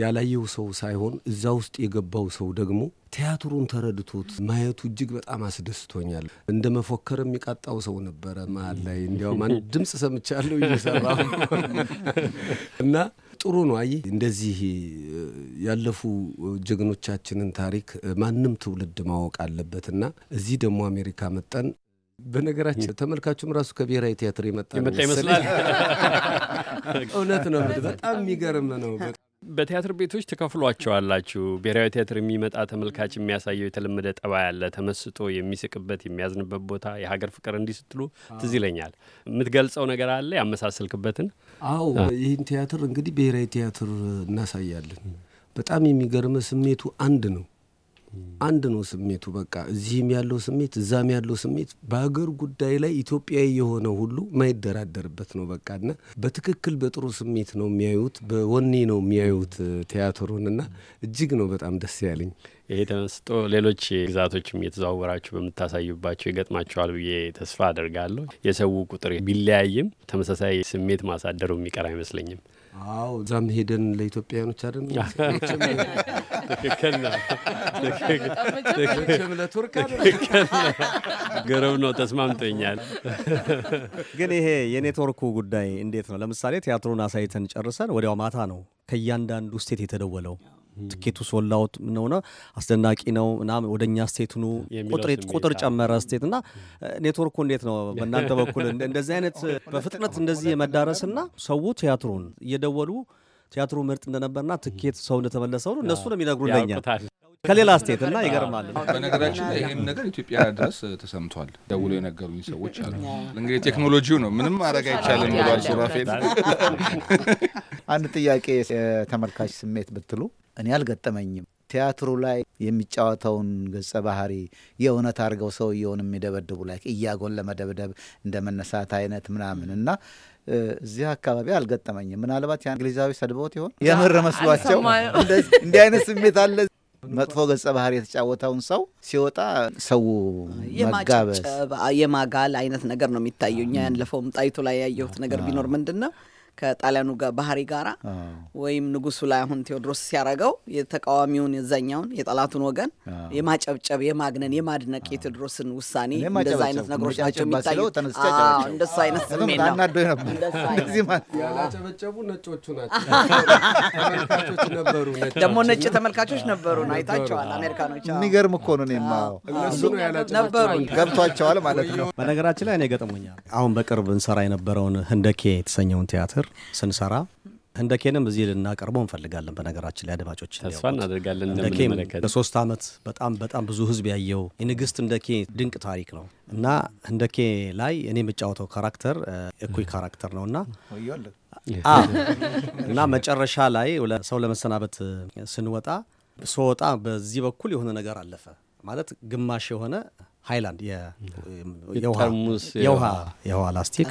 ያላየው ሰው ሳይሆን እዛ ውስጥ የገባው ሰው ደግሞ ቲያትሩን ተረድቶት ማየቱ እጅግ በጣም አስደስቶኛል። እንደ መፎከር የሚቃጣው ሰው ነበረ መሀል ላይ እንዲያውም ድምፅ ሰምቻለሁ እየሰራ እና ጥሩ ነው። አይ እንደዚህ ያለፉ ጀግኖቻችንን ታሪክ ማንም ትውልድ ማወቅ አለበትና እዚህ ደግሞ አሜሪካ መጠን በነገራችን ተመልካቹም ራሱ ከብሔራዊ ቲያትር የመጣ ይመስላል። እውነት ነው። በጣም የሚገርም ነው። በቲያትር ቤቶች ተከፍሏቸዋላችሁ። ብሔራዊ ቲያትር የሚመጣ ተመልካች የሚያሳየው የተለመደ ጠባ ያለ ተመስጦ የሚስቅበት የሚያዝንበት ቦታ የሀገር ፍቅር እንዲስትሉ ትዝ ይለኛል። የምትገልጸው ነገር አለ ያመሳሰልክበትን አዎ ይህን ቲያትር እንግዲህ ብሔራዊ ቲያትር እናሳያለን። በጣም የሚገርመ ስሜቱ አንድ ነው አንድ ነው ስሜቱ። በቃ እዚህም ያለው ስሜት እዛም ያለው ስሜት በሀገር ጉዳይ ላይ ኢትዮጵያዊ የሆነ ሁሉ ማይደራደርበት ነው። በቃ እና በትክክል በጥሩ ስሜት ነው የሚያዩት፣ በወኔ ነው የሚያዩት ቲያትሩን እና እጅግ ነው በጣም ደስ ያለኝ። ይሄ ተመስጦ ሌሎች ግዛቶችም የተዘዋወራችሁ በምታሳዩባቸው ይገጥማቸዋል ብዬ ተስፋ አድርጋለሁ። የሰው ቁጥር ቢለያይም ተመሳሳይ ስሜት ማሳደሩ የሚቀር አይመስለኝም። አዎ እዛም ሄደን ለኢትዮጵያውያኖች አይደል? ትክክል ነው። ለቱርክ ገረብ ነው። ተስማምቶኛል። ግን ይሄ የኔትወርኩ ጉዳይ እንዴት ነው? ለምሳሌ ቲያትሩን አሳይተን ጨርሰን ወዲያው ማታ ነው ከእያንዳንዱ ስቴት የተደወለው ትኬቱ ሶላውት ምንሆነ አስደናቂ ነው ምናምን ወደ እኛ ስቴት ኑ ቁጥር ጨመረ ስቴት እና ኔትወርኩ እንዴት ነው በእናንተ በኩል እንደዚህ አይነት በፍጥነት እንደዚህ ና ሰው ቲያትሩን እየደወሉ ቲያትሩ ምርጥ እንደነበርና ትኬት ሰው እንደተመለሰው ነው እነሱ ነው የሚነግሩ ለኛ ከሌላ ስቴት እና ይገርማል። በነገራችን ላይ ይህም ነገር ኢትዮጵያ ድረስ ተሰምቷል። ደውሎ የነገሩኝ ሰዎች አሉ። እንግዲህ ቴክኖሎጂው ነው ምንም ማድረግ አይቻልም ብሏል ሱራፌል። አንድ ጥያቄ የተመልካች ስሜት ብትሉ እኔ አልገጠመኝም። ቲያትሩ ላይ የሚጫወተውን ገጸ ባህሪ የእውነት አድርገው ሰውየውን የሚደበድቡ ላይ እያጎን ለመደብደብ እንደ መነሳት አይነት ምናምን እና እዚህ አካባቢ አልገጠመኝም። ምናልባት የእንግሊዛዊ ሰድቦት ይሆን የምር መስሏቸው እንዲህ አይነት ስሜት አለ። መጥፎ ገጸ ባህሪ የተጫወተውን ሰው ሲወጣ ሰው መጋበዝ የማጋል አይነት ነገር ነው የሚታየው። እኛ ያለፈውም ጣይቱ ላይ ያየሁት ነገር ቢኖር ምንድን ነው ከጣሊያኑ ባህሪ ጋር ወይም ንጉሱ ላይ አሁን ቴዎድሮስ ሲያረገው የተቃዋሚውን የዛኛውን የጠላቱን ወገን የማጨብጨብ የማግነን የማድነቅ የቴዎድሮስን ውሳኔ እንደዛ አይነት ነገሮች ናቸው የሚታዩት። እንደሱ አይነት ስሜት ነው። ያላጨበጨቡ ነጮቹ ናቸው። ነበሩ፣ ደግሞ ነጭ ተመልካቾች ነበሩ። አይታቸዋል። አሜሪካኖች የሚገርም እኮ ነው። እኔማ ነበሩ ገብቷቸዋል ማለት ነው። በነገራችን ላይ እኔ ገጥሞኛል። አሁን በቅርብ እንሰራ የነበረውን ህንደኬ የተሰኘውን ቲያትር ስንዘምር ስንሰራ እንደ ኬንም እዚህ ልናቀርበው እንፈልጋለን። በነገራችን ላይ አድማጮች ተስፋ እናደርጋለን። በሶስት ዓመት በጣም በጣም ብዙ ህዝብ ያየው የንግስት እንደ ኬ ድንቅ ታሪክ ነው እና እንደ ኬ ላይ እኔ የምጫወተው ካራክተር እኩይ ካራክተር ነው እና እና መጨረሻ ላይ ሰው ለመሰናበት ስንወጣ ስወጣ በዚህ በኩል የሆነ ነገር አለፈ ማለት ግማሽ የሆነ ሃይላንድ የውሃ ላስቲክ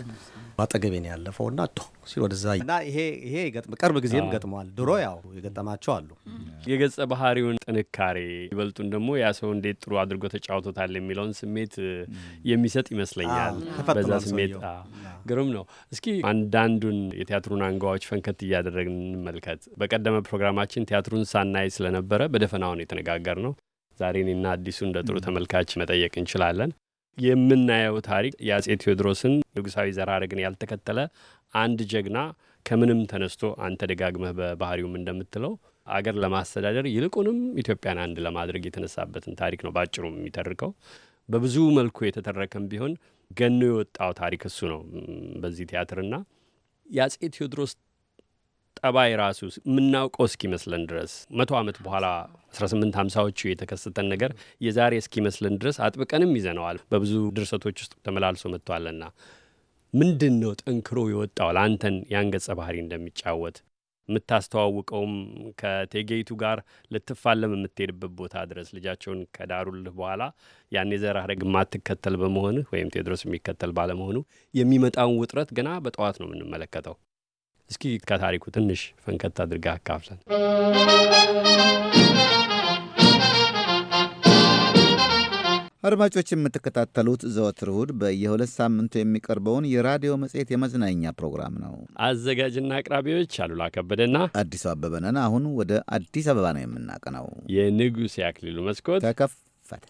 አጠገቤን ያለፈው እና ቶ ሲል ወደዛ እና ይሄ ይሄ ቅርብ ጊዜም ገጥመዋል። ድሮ ያው የገጠማቸው አሉ። የገጸ ባህሪውን ጥንካሬ ይበልጡን ደግሞ ያ ሰው እንዴት ጥሩ አድርጎ ተጫውቶታል የሚለውን ስሜት የሚሰጥ ይመስለኛል። በዛ ስሜት ግሩም ነው። እስኪ አንዳንዱን የቲያትሩን አንጓዎች ፈንከት እያደረግን እንመልከት። በቀደመ ፕሮግራማችን ቲያትሩን ሳናይ ስለነበረ በደፈናውን የተነጋገር ነው። ዛሬ እኔና አዲሱ እንደ ጥሩ ተመልካች መጠየቅ እንችላለን። የምናየው ታሪክ የአጼ ቴዎድሮስን ንጉሳዊ ዘራረግን ያልተከተለ አንድ ጀግና ከምንም ተነስቶ አንተ ደጋግመህ በባህሪውም እንደምትለው አገር ለማስተዳደር ይልቁንም ኢትዮጵያን አንድ ለማድረግ የተነሳበትን ታሪክ ነው በአጭሩ የሚተርከው። በብዙ መልኩ የተተረከም ቢሆን ገኖ የወጣው ታሪክ እሱ ነው በዚህ ቲያትርና የአጼ ቴዎድሮስ ጠባይ ራሱ የምናውቀው እስኪመስለን ድረስ መቶ ዓመት በኋላ 1850ዎቹ የተከሰተን ነገር የዛሬ እስኪመስለን ድረስ አጥብቀንም ይዘነዋል። በብዙ ድርሰቶች ውስጥ ተመላልሶ መጥቷልና ምንድን ነው ጠንክሮ የወጣው ለአንተን ያን ገጸ ባህሪ እንደሚጫወት የምታስተዋውቀውም ከቴጌይቱ ጋር ልትፋለም የምትሄድበት ቦታ ድረስ ልጃቸውን ከዳሩልህ በኋላ ያን የዘር ሐረግ የማትከተል በመሆንህ ወይም ቴዎድሮስ የሚከተል ባለመሆኑ የሚመጣውን ውጥረት ገና በጠዋት ነው የምንመለከተው። እስኪ ከታሪኩ ትንሽ ፈንከት አድርጋ አካፍለን። አድማጮች የምትከታተሉት ዘወትር እሁድ በየሁለት ሳምንቱ የሚቀርበውን የራዲዮ መጽሔት የመዝናኛ ፕሮግራም ነው። አዘጋጅና አቅራቢዎች አሉላ ከበደና አዲሱ አበበ ነን። አሁን ወደ አዲስ አበባ ነው የምናቀናው። የንጉሥ ያክሊሉ መስኮት ተከፈተ።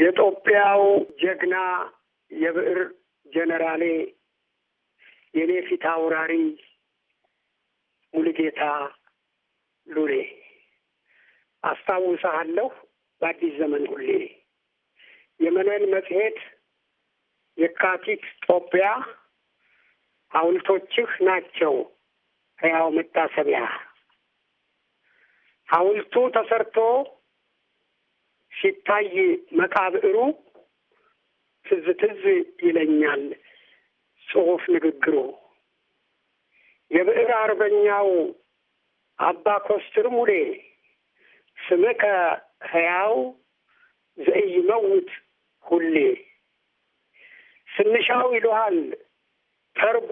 የኢትዮጵያው ጀግና የብዕር ጀነራሌ የኔ ፊት አውራሪ ሙሉጌታ ሉሌ አስታውሳሃለሁ በአዲስ ዘመን ሁሌ የመነን መጽሔት የካቲት ጦቢያ ሐውልቶችህ ናቸው ሕያው መታሰቢያ ሐውልቱ ተሰርቶ ሲታይ መቃብሩ ትዝ ትዝ ይለኛል ጽሑፍ ንግግሩ የብዕር አርበኛው አባ ኮስትር ሙሌ ስምከ ሕያው ዘኢይመውት ሁሌ ስንሻው ይሉሃል ተርቡ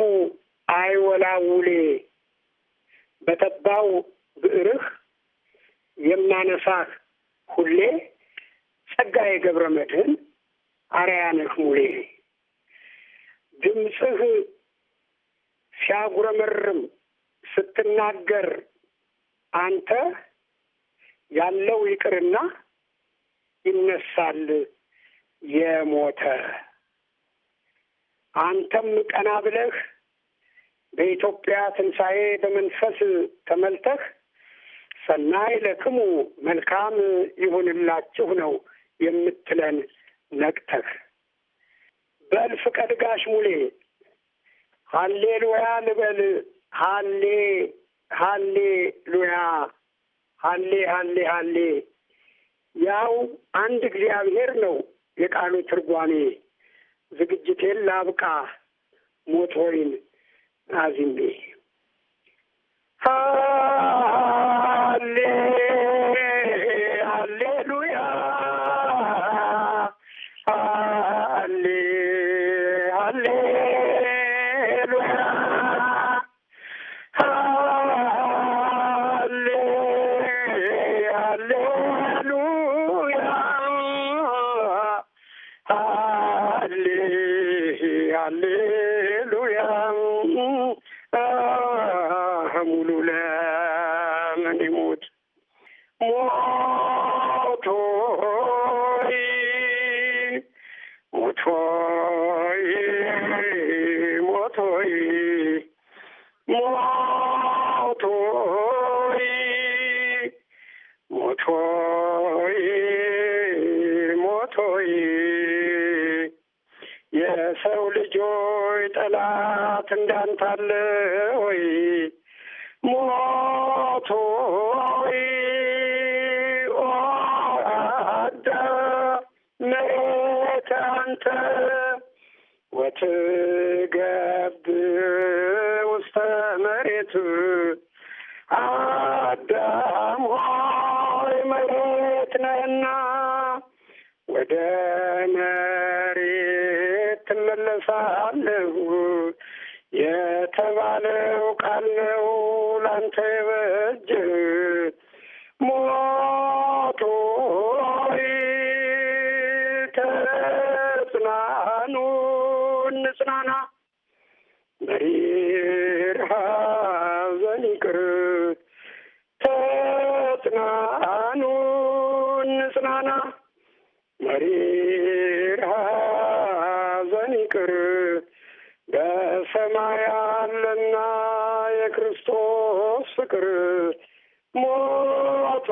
አይወላውሌ በተባው ብዕርህ የማነሳህ ሁሌ ጸጋዬ ገብረ መድኅን አርያነህ ሙሌ ድምፅህ ሲያጉረመርም ስትናገር አንተ ያለው ይቅርና ይነሳል የሞተ አንተም ቀና ብለህ በኢትዮጵያ ትንሣኤ በመንፈስ ተመልተህ ሰናይ ለክሙ መልካም ይሁንላችሁ ነው የምትለን ነቅተህ በል ፍቀድ ጋሽ ሙሌ ሀሌ ሉያ ልበል ሀሌ ሀሌ ሉያ ሀሌ ሀሌ ሀሌ ያው አንድ እግዚአብሔር ነው የቃሉ ትርጓሜ። ዝግጅቴን ላብቃ ሞት ሆይን አዚሜ የጌታና የክርስቶስ ፍቅር ሞቶ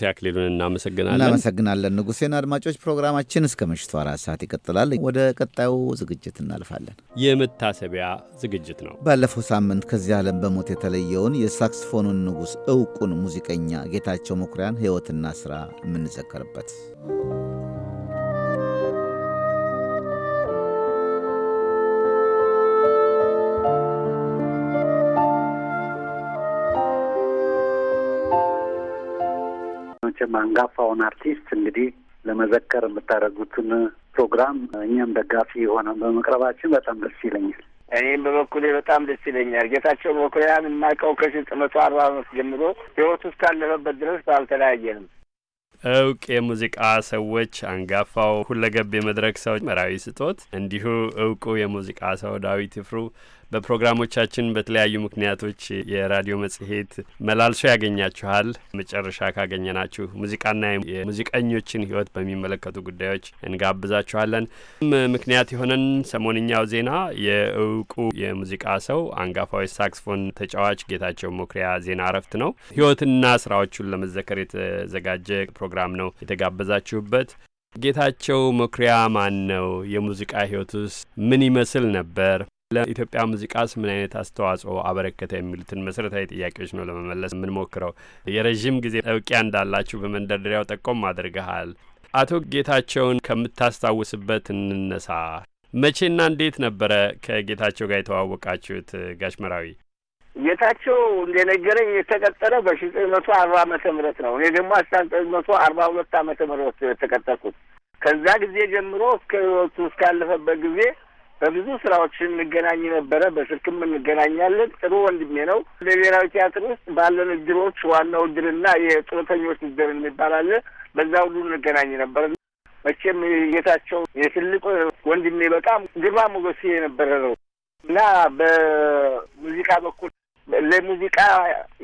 ንጉሴ አክሊሉን እናመሰግናለን። እናመሰግናለን ንጉሴን። አድማጮች ፕሮግራማችን እስከ ምሽቱ አራት ሰዓት ይቀጥላል። ወደ ቀጣዩ ዝግጅት እናልፋለን። የመታሰቢያ ዝግጅት ነው። ባለፈው ሳምንት ከዚህ ዓለም በሞት የተለየውን የሳክስፎኑን ንጉሥ እውቁን ሙዚቀኛ ጌታቸው መኩሪያን ሕይወትና ሥራ የምንዘከርበት በተለይም አንጋፋውን አርቲስት እንግዲህ ለመዘከር የምታደርጉትን ፕሮግራም እኛም ደጋፊ የሆነ በመቅረባችን በጣም ደስ ይለኛል። እኔም በበኩሌ በጣም ደስ ይለኛል። ጌታቸው መኩሪያን የማውቀው ከሺ ዘጠኝ መቶ አርባ አመት ጀምሮ ሕይወቱ እስካለፈበት ድረስ አልተለያየንም። እውቅ የሙዚቃ ሰዎች አንጋፋው ሁለገብ የመድረክ ሰው መራዊ ስጦት፣ እንዲሁ እውቁ የሙዚቃ ሰው ዳዊት ይፍሩ በፕሮግራሞቻችን በተለያዩ ምክንያቶች የራዲዮ መጽሔት መላልሶ ያገኛችኋል። መጨረሻ ካገኘናችሁ ሙዚቃና የሙዚቀኞችን ሕይወት በሚመለከቱ ጉዳዮች እንጋብዛችኋለን። ምክንያት የሆነን ሰሞንኛው ዜና የእውቁ የሙዚቃ ሰው አንጋፋዊ ሳክስፎን ተጫዋች ጌታቸው መኩሪያ ዜና እረፍት ነው። ሕይወትና ስራዎቹን ለመዘከር የተዘጋጀ ፕሮግራም ነው የተጋበዛችሁበት። ጌታቸው መኩሪያ ማን ነው? የሙዚቃ ህይወት ውስጥ ምን ይመስል ነበር? ለኢትዮጵያ ሙዚቃስ ምን አይነት አስተዋጽኦ አበረከተ የሚሉትን መሰረታዊ ጥያቄዎች ነው ለመመለስ የምንሞክረው። የረዥም ጊዜ እውቂያ እንዳላችሁ በመንደርደሪያው ጠቆም አድርገሃል። አቶ ጌታቸውን ከምታስታውስበት እንነሳ። መቼና እንዴት ነበረ ከጌታቸው ጋር የተዋወቃችሁት? ጋሽ መራዊ ጌታቸው እንደነገረኝ የተቀጠረ በሺ ዘጠኝ መቶ አርባ ዓመተ ምህረት ነው። እኔ ደግሞ አስራ ዘጠኝ መቶ አርባ ሁለት አመተ ምህረት የተቀጠርኩት። ከዛ ጊዜ ጀምሮ እስከ ህይወቱ እስካለፈበት ጊዜ በብዙ ስራዎች እንገናኝ ነበረ። በስልክም እንገናኛለን። ጥሩ ወንድሜ ነው። በብሔራዊ ቲያትር ውስጥ ባለን እድሮች ዋናው እድርና የጡረተኞች እድር የሚባል አለ። በዛ ሁሉ እንገናኝ ነበር። መቼም ጌታቸው የትልቅ ወንድሜ በጣም ግርማ ሞገስ የነበረ ነው እና በሙዚቃ በኩል ለሙዚቃ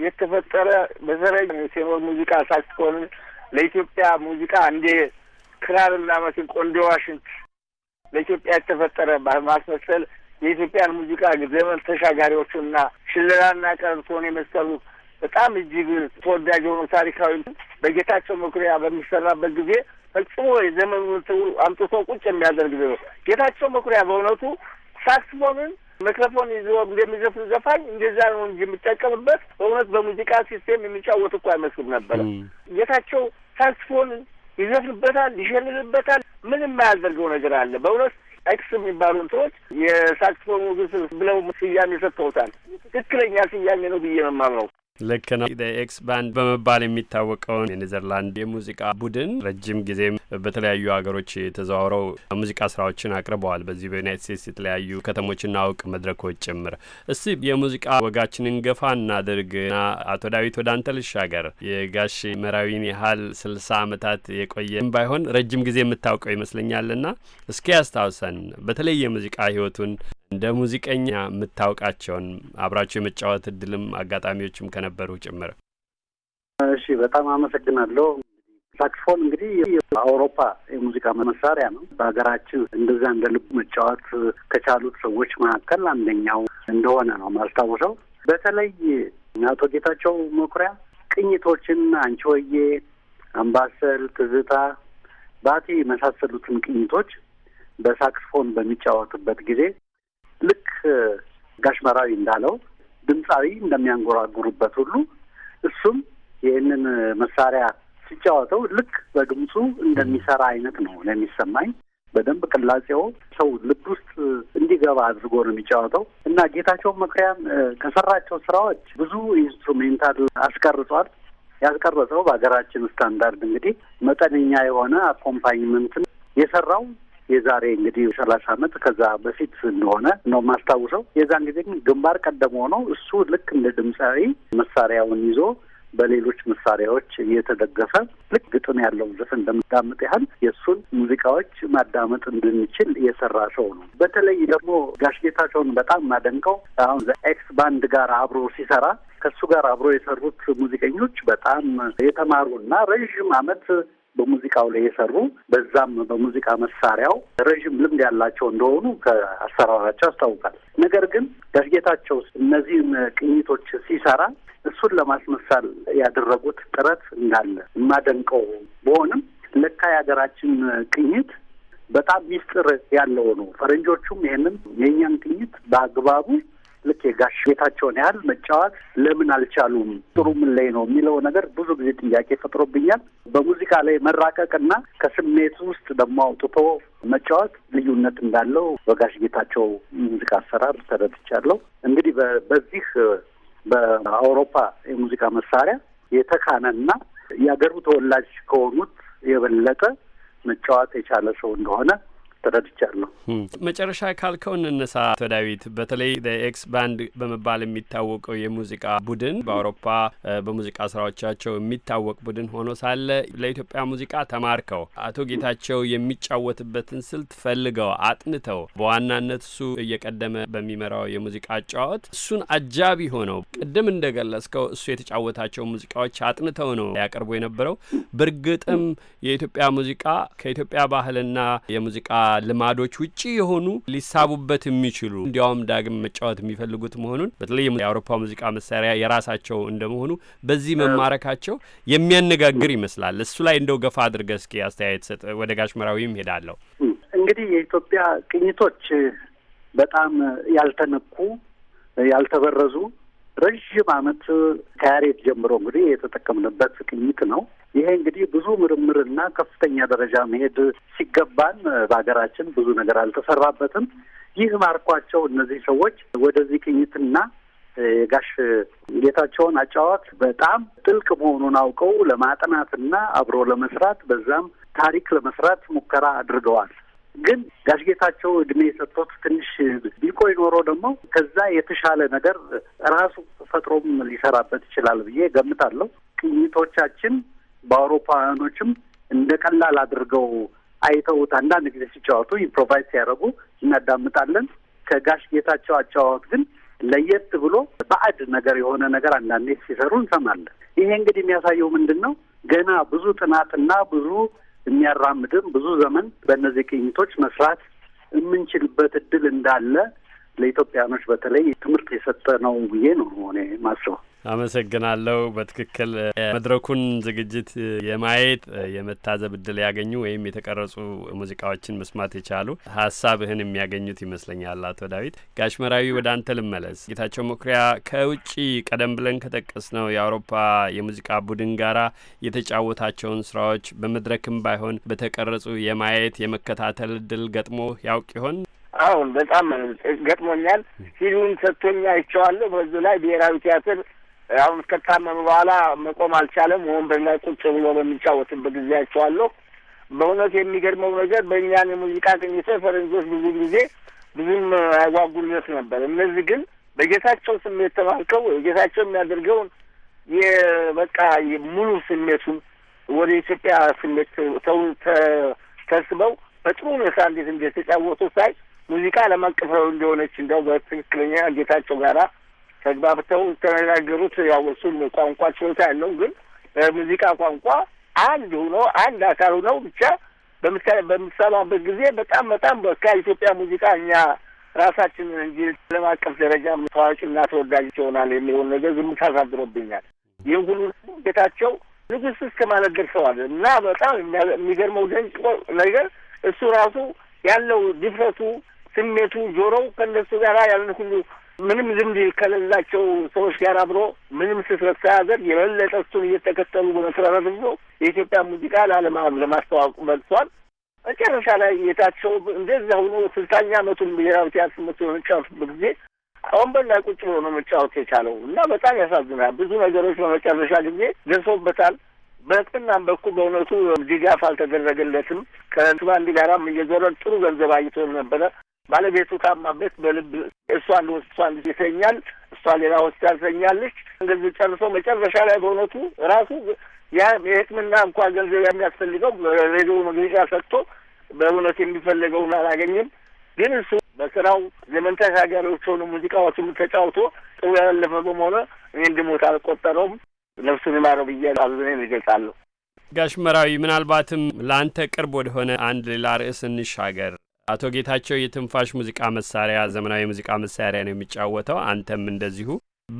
የተፈጠረ በተለይ ሴኖር ሙዚቃ ሳክስፎን ለኢትዮጵያ ሙዚቃ እንደ ክራርና መስንቆ እንደ ዋሽንት ለኢትዮጵያ የተፈጠረ ባህል ማስመሰል የኢትዮጵያን ሙዚቃ ዘመን ተሻጋሪዎቹና ሽለላና ቀረርቶን የመሰሉ በጣም እጅግ ተወዳጅ የሆኑ ታሪካዊ በጌታቸው መኩሪያ በሚሰራበት ጊዜ ፈጽሞ የዘመኑን አምጥቶ ቁጭ የሚያደርግ ነው። ጌታቸው መኩሪያ በእውነቱ ሳክስፎንን ማይክሮፎን ይዞ እንደሚዘፍን ዘፋኝ እንደዛ ነው እንጂ የምጠቀምበት በእውነት በሙዚቃ ሲስቴም የሚጫወት እኮ አይመስልም ነበረ ጌታቸው ሳክስፎንን ይዘፍንበታል፣ ይሸልልበታል። ምንም የማያደርገው ነገር አለ በእውነት ኤክስ የሚባሉ ሰዎች የሳክስፎን ግስ ብለው ስያሜ ሰጥተውታል። ትክክለኛ ስያሜ ነው ብዬ መማር ነው። ልክ ነው። ኤክስ ባንድ በመባል የሚታወቀውን የኔዘርላንድ የሙዚቃ ቡድን ረጅም ጊዜም በተለያዩ ሀገሮች ተዘዋውረው ሙዚቃ ስራዎችን አቅርበዋል። በዚህ በዩናይት ስቴትስ የተለያዩ ከተሞችና አውቅ መድረኮች ጭምር። እስቲ የሙዚቃ ወጋችንን ገፋ ና አቶ ዳዊት ወደ አንተ ልሻገር። የጋሽ መራዊን ያህል ስልሳ ዓመታት የቆየ ባይሆን ረጅም ጊዜ የምታውቀው ና እስኪ ያስታውሰን በተለይ የሙዚቃ ህይወቱን እንደ ሙዚቀኛ የምታውቃቸውን አብራቸው የመጫወት እድልም አጋጣሚዎችም ከነበሩ ጭምር። እሺ፣ በጣም አመሰግናለሁ። ሳክስፎን እንግዲህ የአውሮፓ የሙዚቃ መሳሪያ ነው። በሀገራችን እንደዛ እንደ ልቡ መጫወት ከቻሉት ሰዎች መካከል አንደኛው እንደሆነ ነው ማስታውሰው። በተለይ አቶ ጌታቸው መኩሪያ ቅኝቶችን አንቺ አምባሰል፣ ትዝታ፣ ባቲ የመሳሰሉትን ቅኝቶች በሳክስፎን በሚጫወቱበት ጊዜ ልክ ጋሽ መራዊ እንዳለው ድምፃዊ እንደሚያንጎራጉሩበት ሁሉ እሱም ይህንን መሳሪያ ሲጫወተው ልክ በድምፁ እንደሚሰራ አይነት ነው የሚሰማኝ። በደንብ ቅላጼው ሰው ልብ ውስጥ እንዲገባ አድርጎ ነው የሚጫወተው እና ጌታቸው መኩሪያም ከሰራቸው ስራዎች ብዙ ኢንስትሩሜንታል አስቀርጿል። ያስቀረጸው በሀገራችን ስታንዳርድ እንግዲህ መጠነኛ የሆነ አኮምፓኝመንትን የሰራው የዛሬ እንግዲህ ሰላሳ አመት ከዛ በፊት እንደሆነ ነው የማስታውሰው። የዛን ጊዜ ግን ግንባር ቀደም ሆኖ እሱ ልክ እንደ ድምፃዊ መሳሪያውን ይዞ በሌሎች መሳሪያዎች እየተደገፈ ልክ ግጥም ያለው ዘፈን እንደምዳምጥ ያህል የእሱን ሙዚቃዎች ማዳመጥ እንድንችል የሰራ ሰው ነው። በተለይ ደግሞ ጋሽ ጌታቸውን በጣም ማደንቀው አሁን ኤክስ ባንድ ጋር አብሮ ሲሰራ ከእሱ ጋር አብሮ የሰሩት ሙዚቀኞች በጣም የተማሩ እና ረዥም አመት በሙዚቃው ላይ የሰሩ በዛም በሙዚቃ መሳሪያው ረዥም ልምድ ያላቸው እንደሆኑ ከአሰራራቸው ያስታውቃል። ነገር ግን ደርጌታቸው እነዚህን ቅኝቶች ሲሰራ እሱን ለማስመሳል ያደረጉት ጥረት እንዳለ የማደንቀው በሆንም ለካ የሀገራችን ቅኝት በጣም ሚስጥር ያለው ነው። ፈረንጆቹም ይህንን የእኛን ቅኝት በአግባቡ ልክ የጋሽ ቤታቸውን ያህል መጫወት ለምን አልቻሉም? ጥሩ ምን ላይ ነው የሚለው ነገር ብዙ ጊዜ ጥያቄ ፈጥሮብኛል። በሙዚቃ ላይ መራቀቅና ከስሜት ውስጥ ደግሞ አውጥቶ መጫወት ልዩነት እንዳለው በጋሽ ጌታቸው ሙዚቃ አሰራር ተረድቻለሁ። እንግዲህ በዚህ በአውሮፓ የሙዚቃ መሳሪያ የተካነና የአገሩ ተወላጅ ከሆኑት የበለጠ መጫወት የቻለ ሰው እንደሆነ ተረድቻለሁ። መጨረሻ ካልከው እንነሳ። አቶ ዳዊት በተለይ ኤክስ ባንድ በመባል የሚታወቀው የሙዚቃ ቡድን በአውሮፓ በሙዚቃ ስራዎቻቸው የሚታወቅ ቡድን ሆኖ ሳለ ለኢትዮጵያ ሙዚቃ ተማርከው አቶ ጌታቸው የሚጫወትበትን ስልት ፈልገው አጥንተው በዋናነት እሱ እየቀደመ በሚመራው የሙዚቃ አጫዋወት እሱን አጃቢ ሆነው ቅድም እንደገለጽከው እሱ የተጫወታቸው ሙዚቃዎች አጥንተው ነው ያቀርቡ የነበረው። በእርግጥም የኢትዮጵያ ሙዚቃ ከኢትዮጵያ ባህልና የሙዚቃ ልማዶች ውጪ የሆኑ ሊሳቡበት የሚችሉ እንዲያውም ዳግም መጫወት የሚፈልጉት መሆኑን በተለይ የአውሮፓ ሙዚቃ መሳሪያ የራሳቸው እንደመሆኑ በዚህ መማረካቸው የሚያነጋግር ይመስላል። እሱ ላይ እንደው ገፋ አድርገ እስኪ አስተያየት ሰጥ። ወደ ጋሽ መራዊም ሄዳለሁ። እንግዲህ የኢትዮጵያ ቅኝቶች በጣም ያልተነኩ ያልተበረዙ ረዥም ዓመት ከያሬት ጀምሮ እንግዲህ የተጠቀምንበት ቅኝት ነው። ይሄ እንግዲህ ብዙ ምርምርና ከፍተኛ ደረጃ መሄድ ሲገባን በሀገራችን ብዙ ነገር አልተሰራበትም። ይህ ማርኳቸው እነዚህ ሰዎች ወደዚህ ቅኝትና የጋሽ ጌታቸውን አጫዋት በጣም ጥልቅ መሆኑን አውቀው ለማጥናትና አብሮ ለመስራት በዛም ታሪክ ለመስራት ሙከራ አድርገዋል። ግን ጋሽ ጌታቸው እድሜ ሰጥቶት ትንሽ ቢቆይ ኖሮ ደግሞ ከዛ የተሻለ ነገር ራሱ ፈጥሮም ሊሰራበት ይችላል ብዬ ገምታለሁ። ቅኝቶቻችን በአውሮፓውያኖችም እንደ ቀላል አድርገው አይተውት አንዳንድ ጊዜ ሲጫወቱ ኢምፕሮቫይዝ ሲያደርጉ እናዳምጣለን። ከጋሽ ጌታቸው አጫዋወት ግን ለየት ብሎ ባዕድ ነገር የሆነ ነገር አንዳንዴ ሲሰሩ እንሰማለን። ይሄ እንግዲህ የሚያሳየው ምንድን ነው? ገና ብዙ ጥናትና ብዙ የሚያራምድም ብዙ ዘመን በእነዚህ ቅኝቶች መስራት የምንችልበት እድል እንዳለ ለኢትዮጵያኖች በተለይ ትምህርት የሰጠ ነው ብዬ ነው ሆኔ ማስበው። አመሰግናለሁ። በትክክል መድረኩን ዝግጅት የማየት የመታዘብ እድል ያገኙ ወይም የተቀረጹ ሙዚቃዎችን መስማት የቻሉ ሀሳብህን የሚያገኙት ይመስለኛል። አቶ ዳዊት ጋሽመራዊ ወደ አንተ ልመለስ። ጌታቸው መኩሪያ ከውጭ ቀደም ብለን ከጠቀስ ነው የአውሮፓ የሙዚቃ ቡድን ጋራ የተጫወታቸውን ስራዎች በመድረክም ባይሆን በተቀረጹ የማየት የመከታተል እድል ገጥሞ ያውቅ ይሆን? አሁን በጣም ገጥሞኛል። ፊልሙም ሰጥቶኛ አይቼዋለሁ። በዚሁ ላይ ብሔራዊ ቲያትር አሁን ከታመመ በኋላ መቆም አልቻለም። ወንበር ላይ ቁጭ ብሎ በሚጫወትበት ጊዜ አይቼዋለሁ። በእውነት የሚገርመው ነገር በእኛን የሙዚቃ ቅኝተ ፈረንጆች ብዙ ጊዜ ብዙም አይጓጉለት ነበር። እነዚህ ግን በጌታቸው ስሜት ተማርከው የጌታቸው የሚያደርገውን የበቃ ሙሉ ስሜቱን ወደ ኢትዮጵያ ስሜት ተስበው በጥሩ ሁኔታ እንዴት እንደተጫወቱ ሳይ ሙዚቃ ዓለም አቀፋዊ እንደሆነች እንደው በትክክለኛ ጌታቸው ጋራ ተግባብተው ተነጋገሩት። ያው እሱም ቋንቋ ችሎታ ያለው ግን ሙዚቃ ቋንቋ አንድ ሆኖ አንድ አካል ሆነው ብቻ በምሰማበት ጊዜ በጣም በጣም ኢትዮጵያ ሙዚቃ እኛ ራሳችን እንጂ ዓለም አቀፍ ደረጃ ታዋቂና ተወዳጅ ይሆናል የሚለውን ነገር ዝምታ አሳድሮብኛል። ይህ ሁሉ ጌታቸው ንጉሥ እስከ ማለት ደርሰዋል እና በጣም የሚገርመው ደንቅ ነገር እሱ ራሱ ያለው ድፍረቱ ስሜቱ ጆሮው ከእነሱ ጋር ያለን ሁሉ ምንም ዝምድ ከሌላቸው ሰዎች ጋር አብሮ ምንም ስስረት ሳያዘን የበለጠ እሱን እየተከተሉ በመስራት ብዞ የኢትዮጵያ ሙዚቃ ለዓለም ለማስተዋወቅ መልሷል። መጨረሻ ላይ ጌታቸው እንደዚያ ሆኖ ስልሳኛ ዓመቱን ብሔራዊ ቲያትር መቶ በመጫወትበት ጊዜ ወንበር ላይ ቁጭ ብሎ ነው መጫወት የቻለው እና በጣም ያሳዝናል። ብዙ ነገሮች በመጨረሻ ጊዜ ደርሶበታል። በቅናም በኩል በእውነቱ ድጋፍ አልተደረገለትም። ከንትባንድ ጋራም እየዞረ ጥሩ ገንዘብ አይቶ ነበረ። ባለቤቱ ታማበት በልብ እሷን አንድ ሆስፒታል ይተኛል፣ እሷ ሌላ ሆስፒታል ተኛለች። እንደዚህ ጨርሶ መጨረሻ ላይ በእውነቱ ራሱ ያ የሕክምና እንኳ ገንዘብ የሚያስፈልገው ሬዲዮ መግለጫ ሰጥቶ በእውነት የሚፈለገውን አላገኝም። ግን እሱ በስራው ዘመን ተሻጋሪዎች ሆኑ ሙዚቃዎችን ተጫውቶ ጥሩ ያለፈ በመሆነ እኔ እንድሞት አልቆጠረውም። ነፍሱን ይማረው ብዬ አዝነን ይገልጻለሁ። ጋሽ መራዊ ምናልባትም ለአንተ ቅርብ ወደሆነ አንድ ሌላ ርዕስ እንሻገር። አቶ ጌታቸው የትንፋሽ ሙዚቃ መሳሪያ ዘመናዊ ሙዚቃ መሳሪያ ነው የሚጫወተው፣ አንተም እንደዚሁ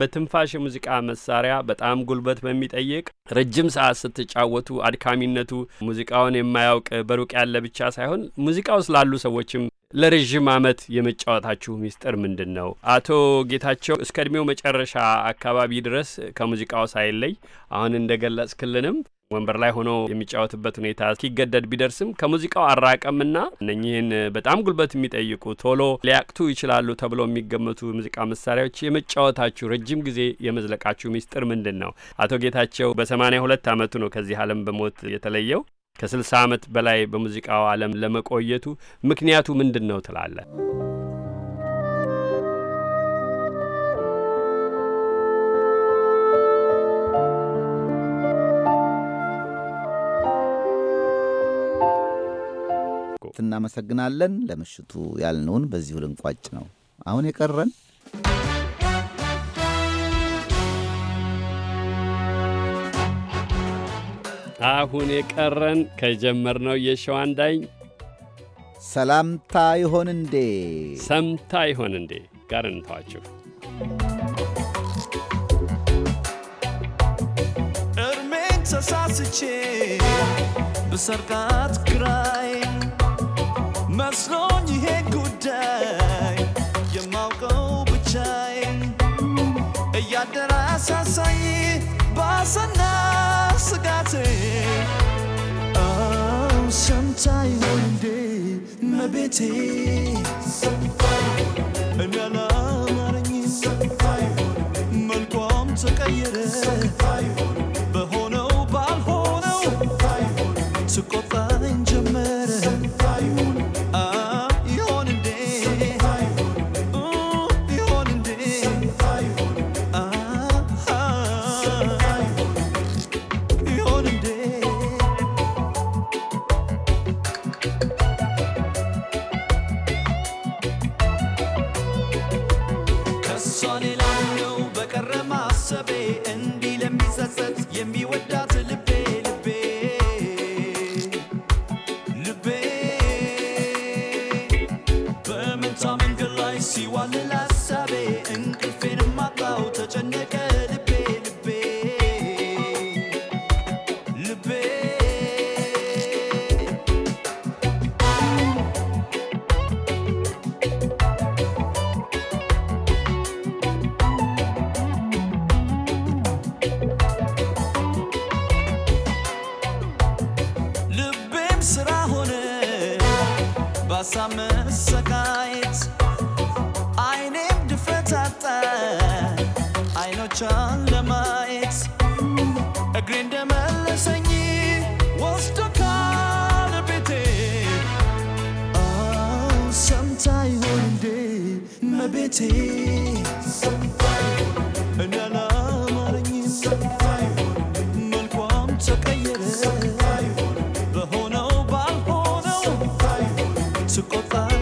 በትንፋሽ የሙዚቃ መሳሪያ በጣም ጉልበት በሚጠይቅ ረጅም ሰዓት ስትጫወቱ አድካሚነቱ ሙዚቃውን የማያውቅ በሩቅ ያለ ብቻ ሳይሆን ሙዚቃው ስላሉ ሰዎችም ለረዥም ዓመት የመጫወታችሁ ሚስጥር ምንድን ነው? አቶ ጌታቸው እስከ እድሜው መጨረሻ አካባቢ ድረስ ከሙዚቃው ሳይለይ አሁን እንደገለጽክልንም ወንበር ላይ ሆኖ የሚጫወትበት ሁኔታ እስኪገደድ ቢደርስም ከሙዚቃው አራቀምና እነኚህን በጣም ጉልበት የሚጠይቁ ቶሎ ሊያቅቱ ይችላሉ ተብሎ የሚገመቱ ሙዚቃ መሳሪያዎች የመጫወታችሁ ረጅም ጊዜ የመዝለቃችሁ ሚስጥር ምንድን ነው? አቶ ጌታቸው በሰማኒያ ሁለት ዓመቱ ነው ከዚህ ዓለም በሞት የተለየው። ከስልሳ ዓመት በላይ በሙዚቃው ዓለም ለመቆየቱ ምክንያቱ ምንድን ነው ትላለን? በእውነት እናመሰግናለን። ለምሽቱ ያልነውን በዚሁ ልንቋጭ ነው። አሁን የቀረን አሁን የቀረን ከጀመርነው የሸዋንዳኝ ሰላምታ ይሆን እንዴ ሰምታ ይሆን እንዴ ጋር እንተዋችሁ። እርሜን ተሳስቼ ብሰርቃት ክራይ መስሎኝ ይሄ ጉዳይ የማውቀው ብቻይ እያደረ አሳሳይ ባሰና ስጋቴ ሰምታይ ወንዴ መቤቴ se compare.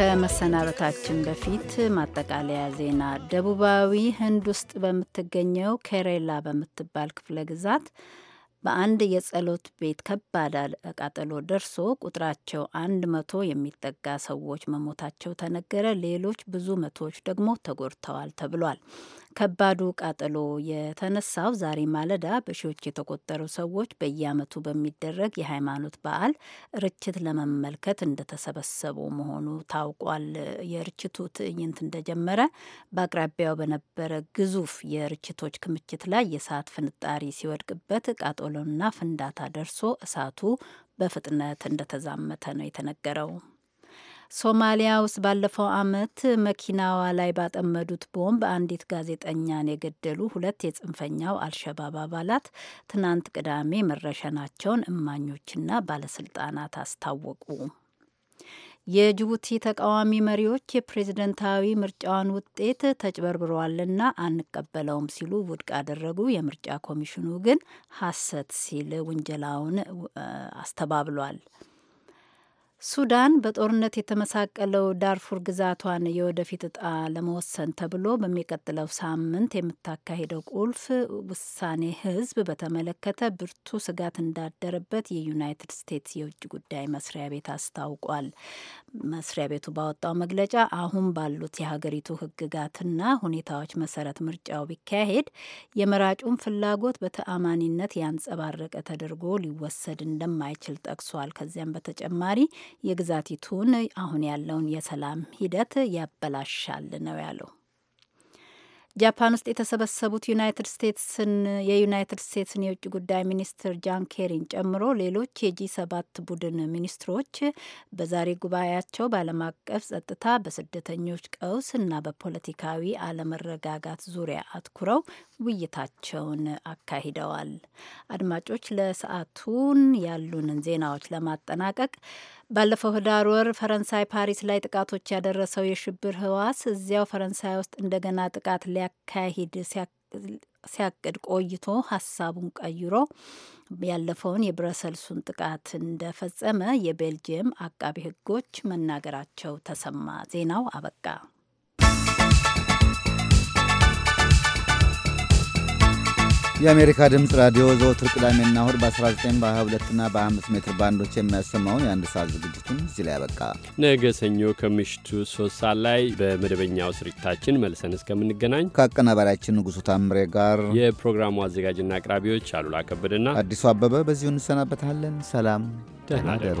ከመሰናበታችን በፊት ማጠቃለያ ዜና። ደቡባዊ ህንድ ውስጥ በምትገኘው ኬሬላ በምትባል ክፍለ ግዛት በአንድ የጸሎት ቤት ከባድ ቃጠሎ ደርሶ ቁጥራቸው አንድ መቶ የሚጠጋ ሰዎች መሞታቸው ተነገረ። ሌሎች ብዙ መቶዎች ደግሞ ተጎድተዋል ተብሏል። ከባዱ ቃጠሎ የተነሳው ዛሬ ማለዳ በሺዎች የተቆጠሩ ሰዎች በየዓመቱ በሚደረግ የሃይማኖት በዓል ርችት ለመመልከት እንደተሰበሰቡ መሆኑ ታውቋል። የርችቱ ትዕይንት እንደጀመረ በአቅራቢያው በነበረ ግዙፍ የርችቶች ክምችት ላይ የእሳት ፍንጣሪ ሲወድቅበት ቃጠሎና ፍንዳታ ደርሶ እሳቱ በፍጥነት እንደተዛመተ ነው የተነገረው። ሶማሊያ ውስጥ ባለፈው ዓመት መኪናዋ ላይ ባጠመዱት ቦምብ አንዲት ጋዜጠኛን የገደሉ ሁለት የጽንፈኛው አልሸባብ አባላት ትናንት ቅዳሜ መረሸናቸውን እማኞችና ባለስልጣናት አስታወቁ። የጅቡቲ ተቃዋሚ መሪዎች የፕሬዝደንታዊ ምርጫውን ውጤት ተጭበርብሯልና አንቀበለውም ሲሉ ውድቅ አደረጉ። የምርጫ ኮሚሽኑ ግን ሐሰት ሲል ውንጀላውን አስተባብሏል። ሱዳን በጦርነት የተመሳቀለው ዳርፉር ግዛቷን የወደፊት እጣ ለመወሰን ተብሎ በሚቀጥለው ሳምንት የምታካሄደው ቁልፍ ውሳኔ ሕዝብ በተመለከተ ብርቱ ስጋት እንዳደረበት የዩናይትድ ስቴትስ የውጭ ጉዳይ መስሪያ ቤት አስታውቋል። መስሪያ ቤቱ ባወጣው መግለጫ አሁን ባሉት የሀገሪቱ ሕግጋትና ሁኔታዎች መሰረት ምርጫው ቢካሄድ የመራጩን ፍላጎት በተአማኒነት ያንጸባረቀ ተደርጎ ሊወሰድ እንደማይችል ጠቅሷል። ከዚያም በተጨማሪ የግዛቲቱን አሁን ያለውን የሰላም ሂደት ያበላሻል ነው ያለው። ጃፓን ውስጥ የተሰበሰቡት ዩናይትድ ስቴትስን የዩናይትድ ስቴትስን የውጭ ጉዳይ ሚኒስትር ጃን ኬሪን ጨምሮ ሌሎች የጂ ሰባት ቡድን ሚኒስትሮች በዛሬ ጉባኤያቸው በዓለም አቀፍ ጸጥታ፣ በስደተኞች ቀውስ እና በፖለቲካዊ አለመረጋጋት ዙሪያ አትኩረው ውይይታቸውን አካሂደዋል። አድማጮች ለሰዓቱን ያሉንን ዜናዎች ለማጠናቀቅ ባለፈው ህዳር ወር ፈረንሳይ ፓሪስ ላይ ጥቃቶች ያደረሰው የሽብር ህዋስ እዚያው ፈረንሳይ ውስጥ እንደገና ጥቃት ሊያ ሊያካሂድ ሲያቅድ ቆይቶ ሀሳቡን ቀይሮ ያለፈውን የብረሰልሱን ጥቃት እንደፈጸመ የቤልጅየም አቃቤ ሕጎች መናገራቸው ተሰማ። ዜናው አበቃ። የአሜሪካ ድምፅ ራዲዮ ዘወትር ቅዳሜና እሁድ በ19 በ22ና በ 5 ሜትር ባንዶች የሚያሰማውን የአንድ ሰዓት ዝግጅቱን እዚህ ላይ ያበቃ። ነገ ሰኞ ከምሽቱ ሶስት ሰዓት ላይ በመደበኛው ስርጭታችን መልሰን እስከምንገናኝ ከአቀናባሪያችን ንጉሱ ታምሬ ጋር የፕሮግራሙ አዘጋጅና አቅራቢዎች አሉላ ከበደና አዲሱ አበበ በዚሁ እንሰናበታለን። ሰላም፣ ደህና ደሩ።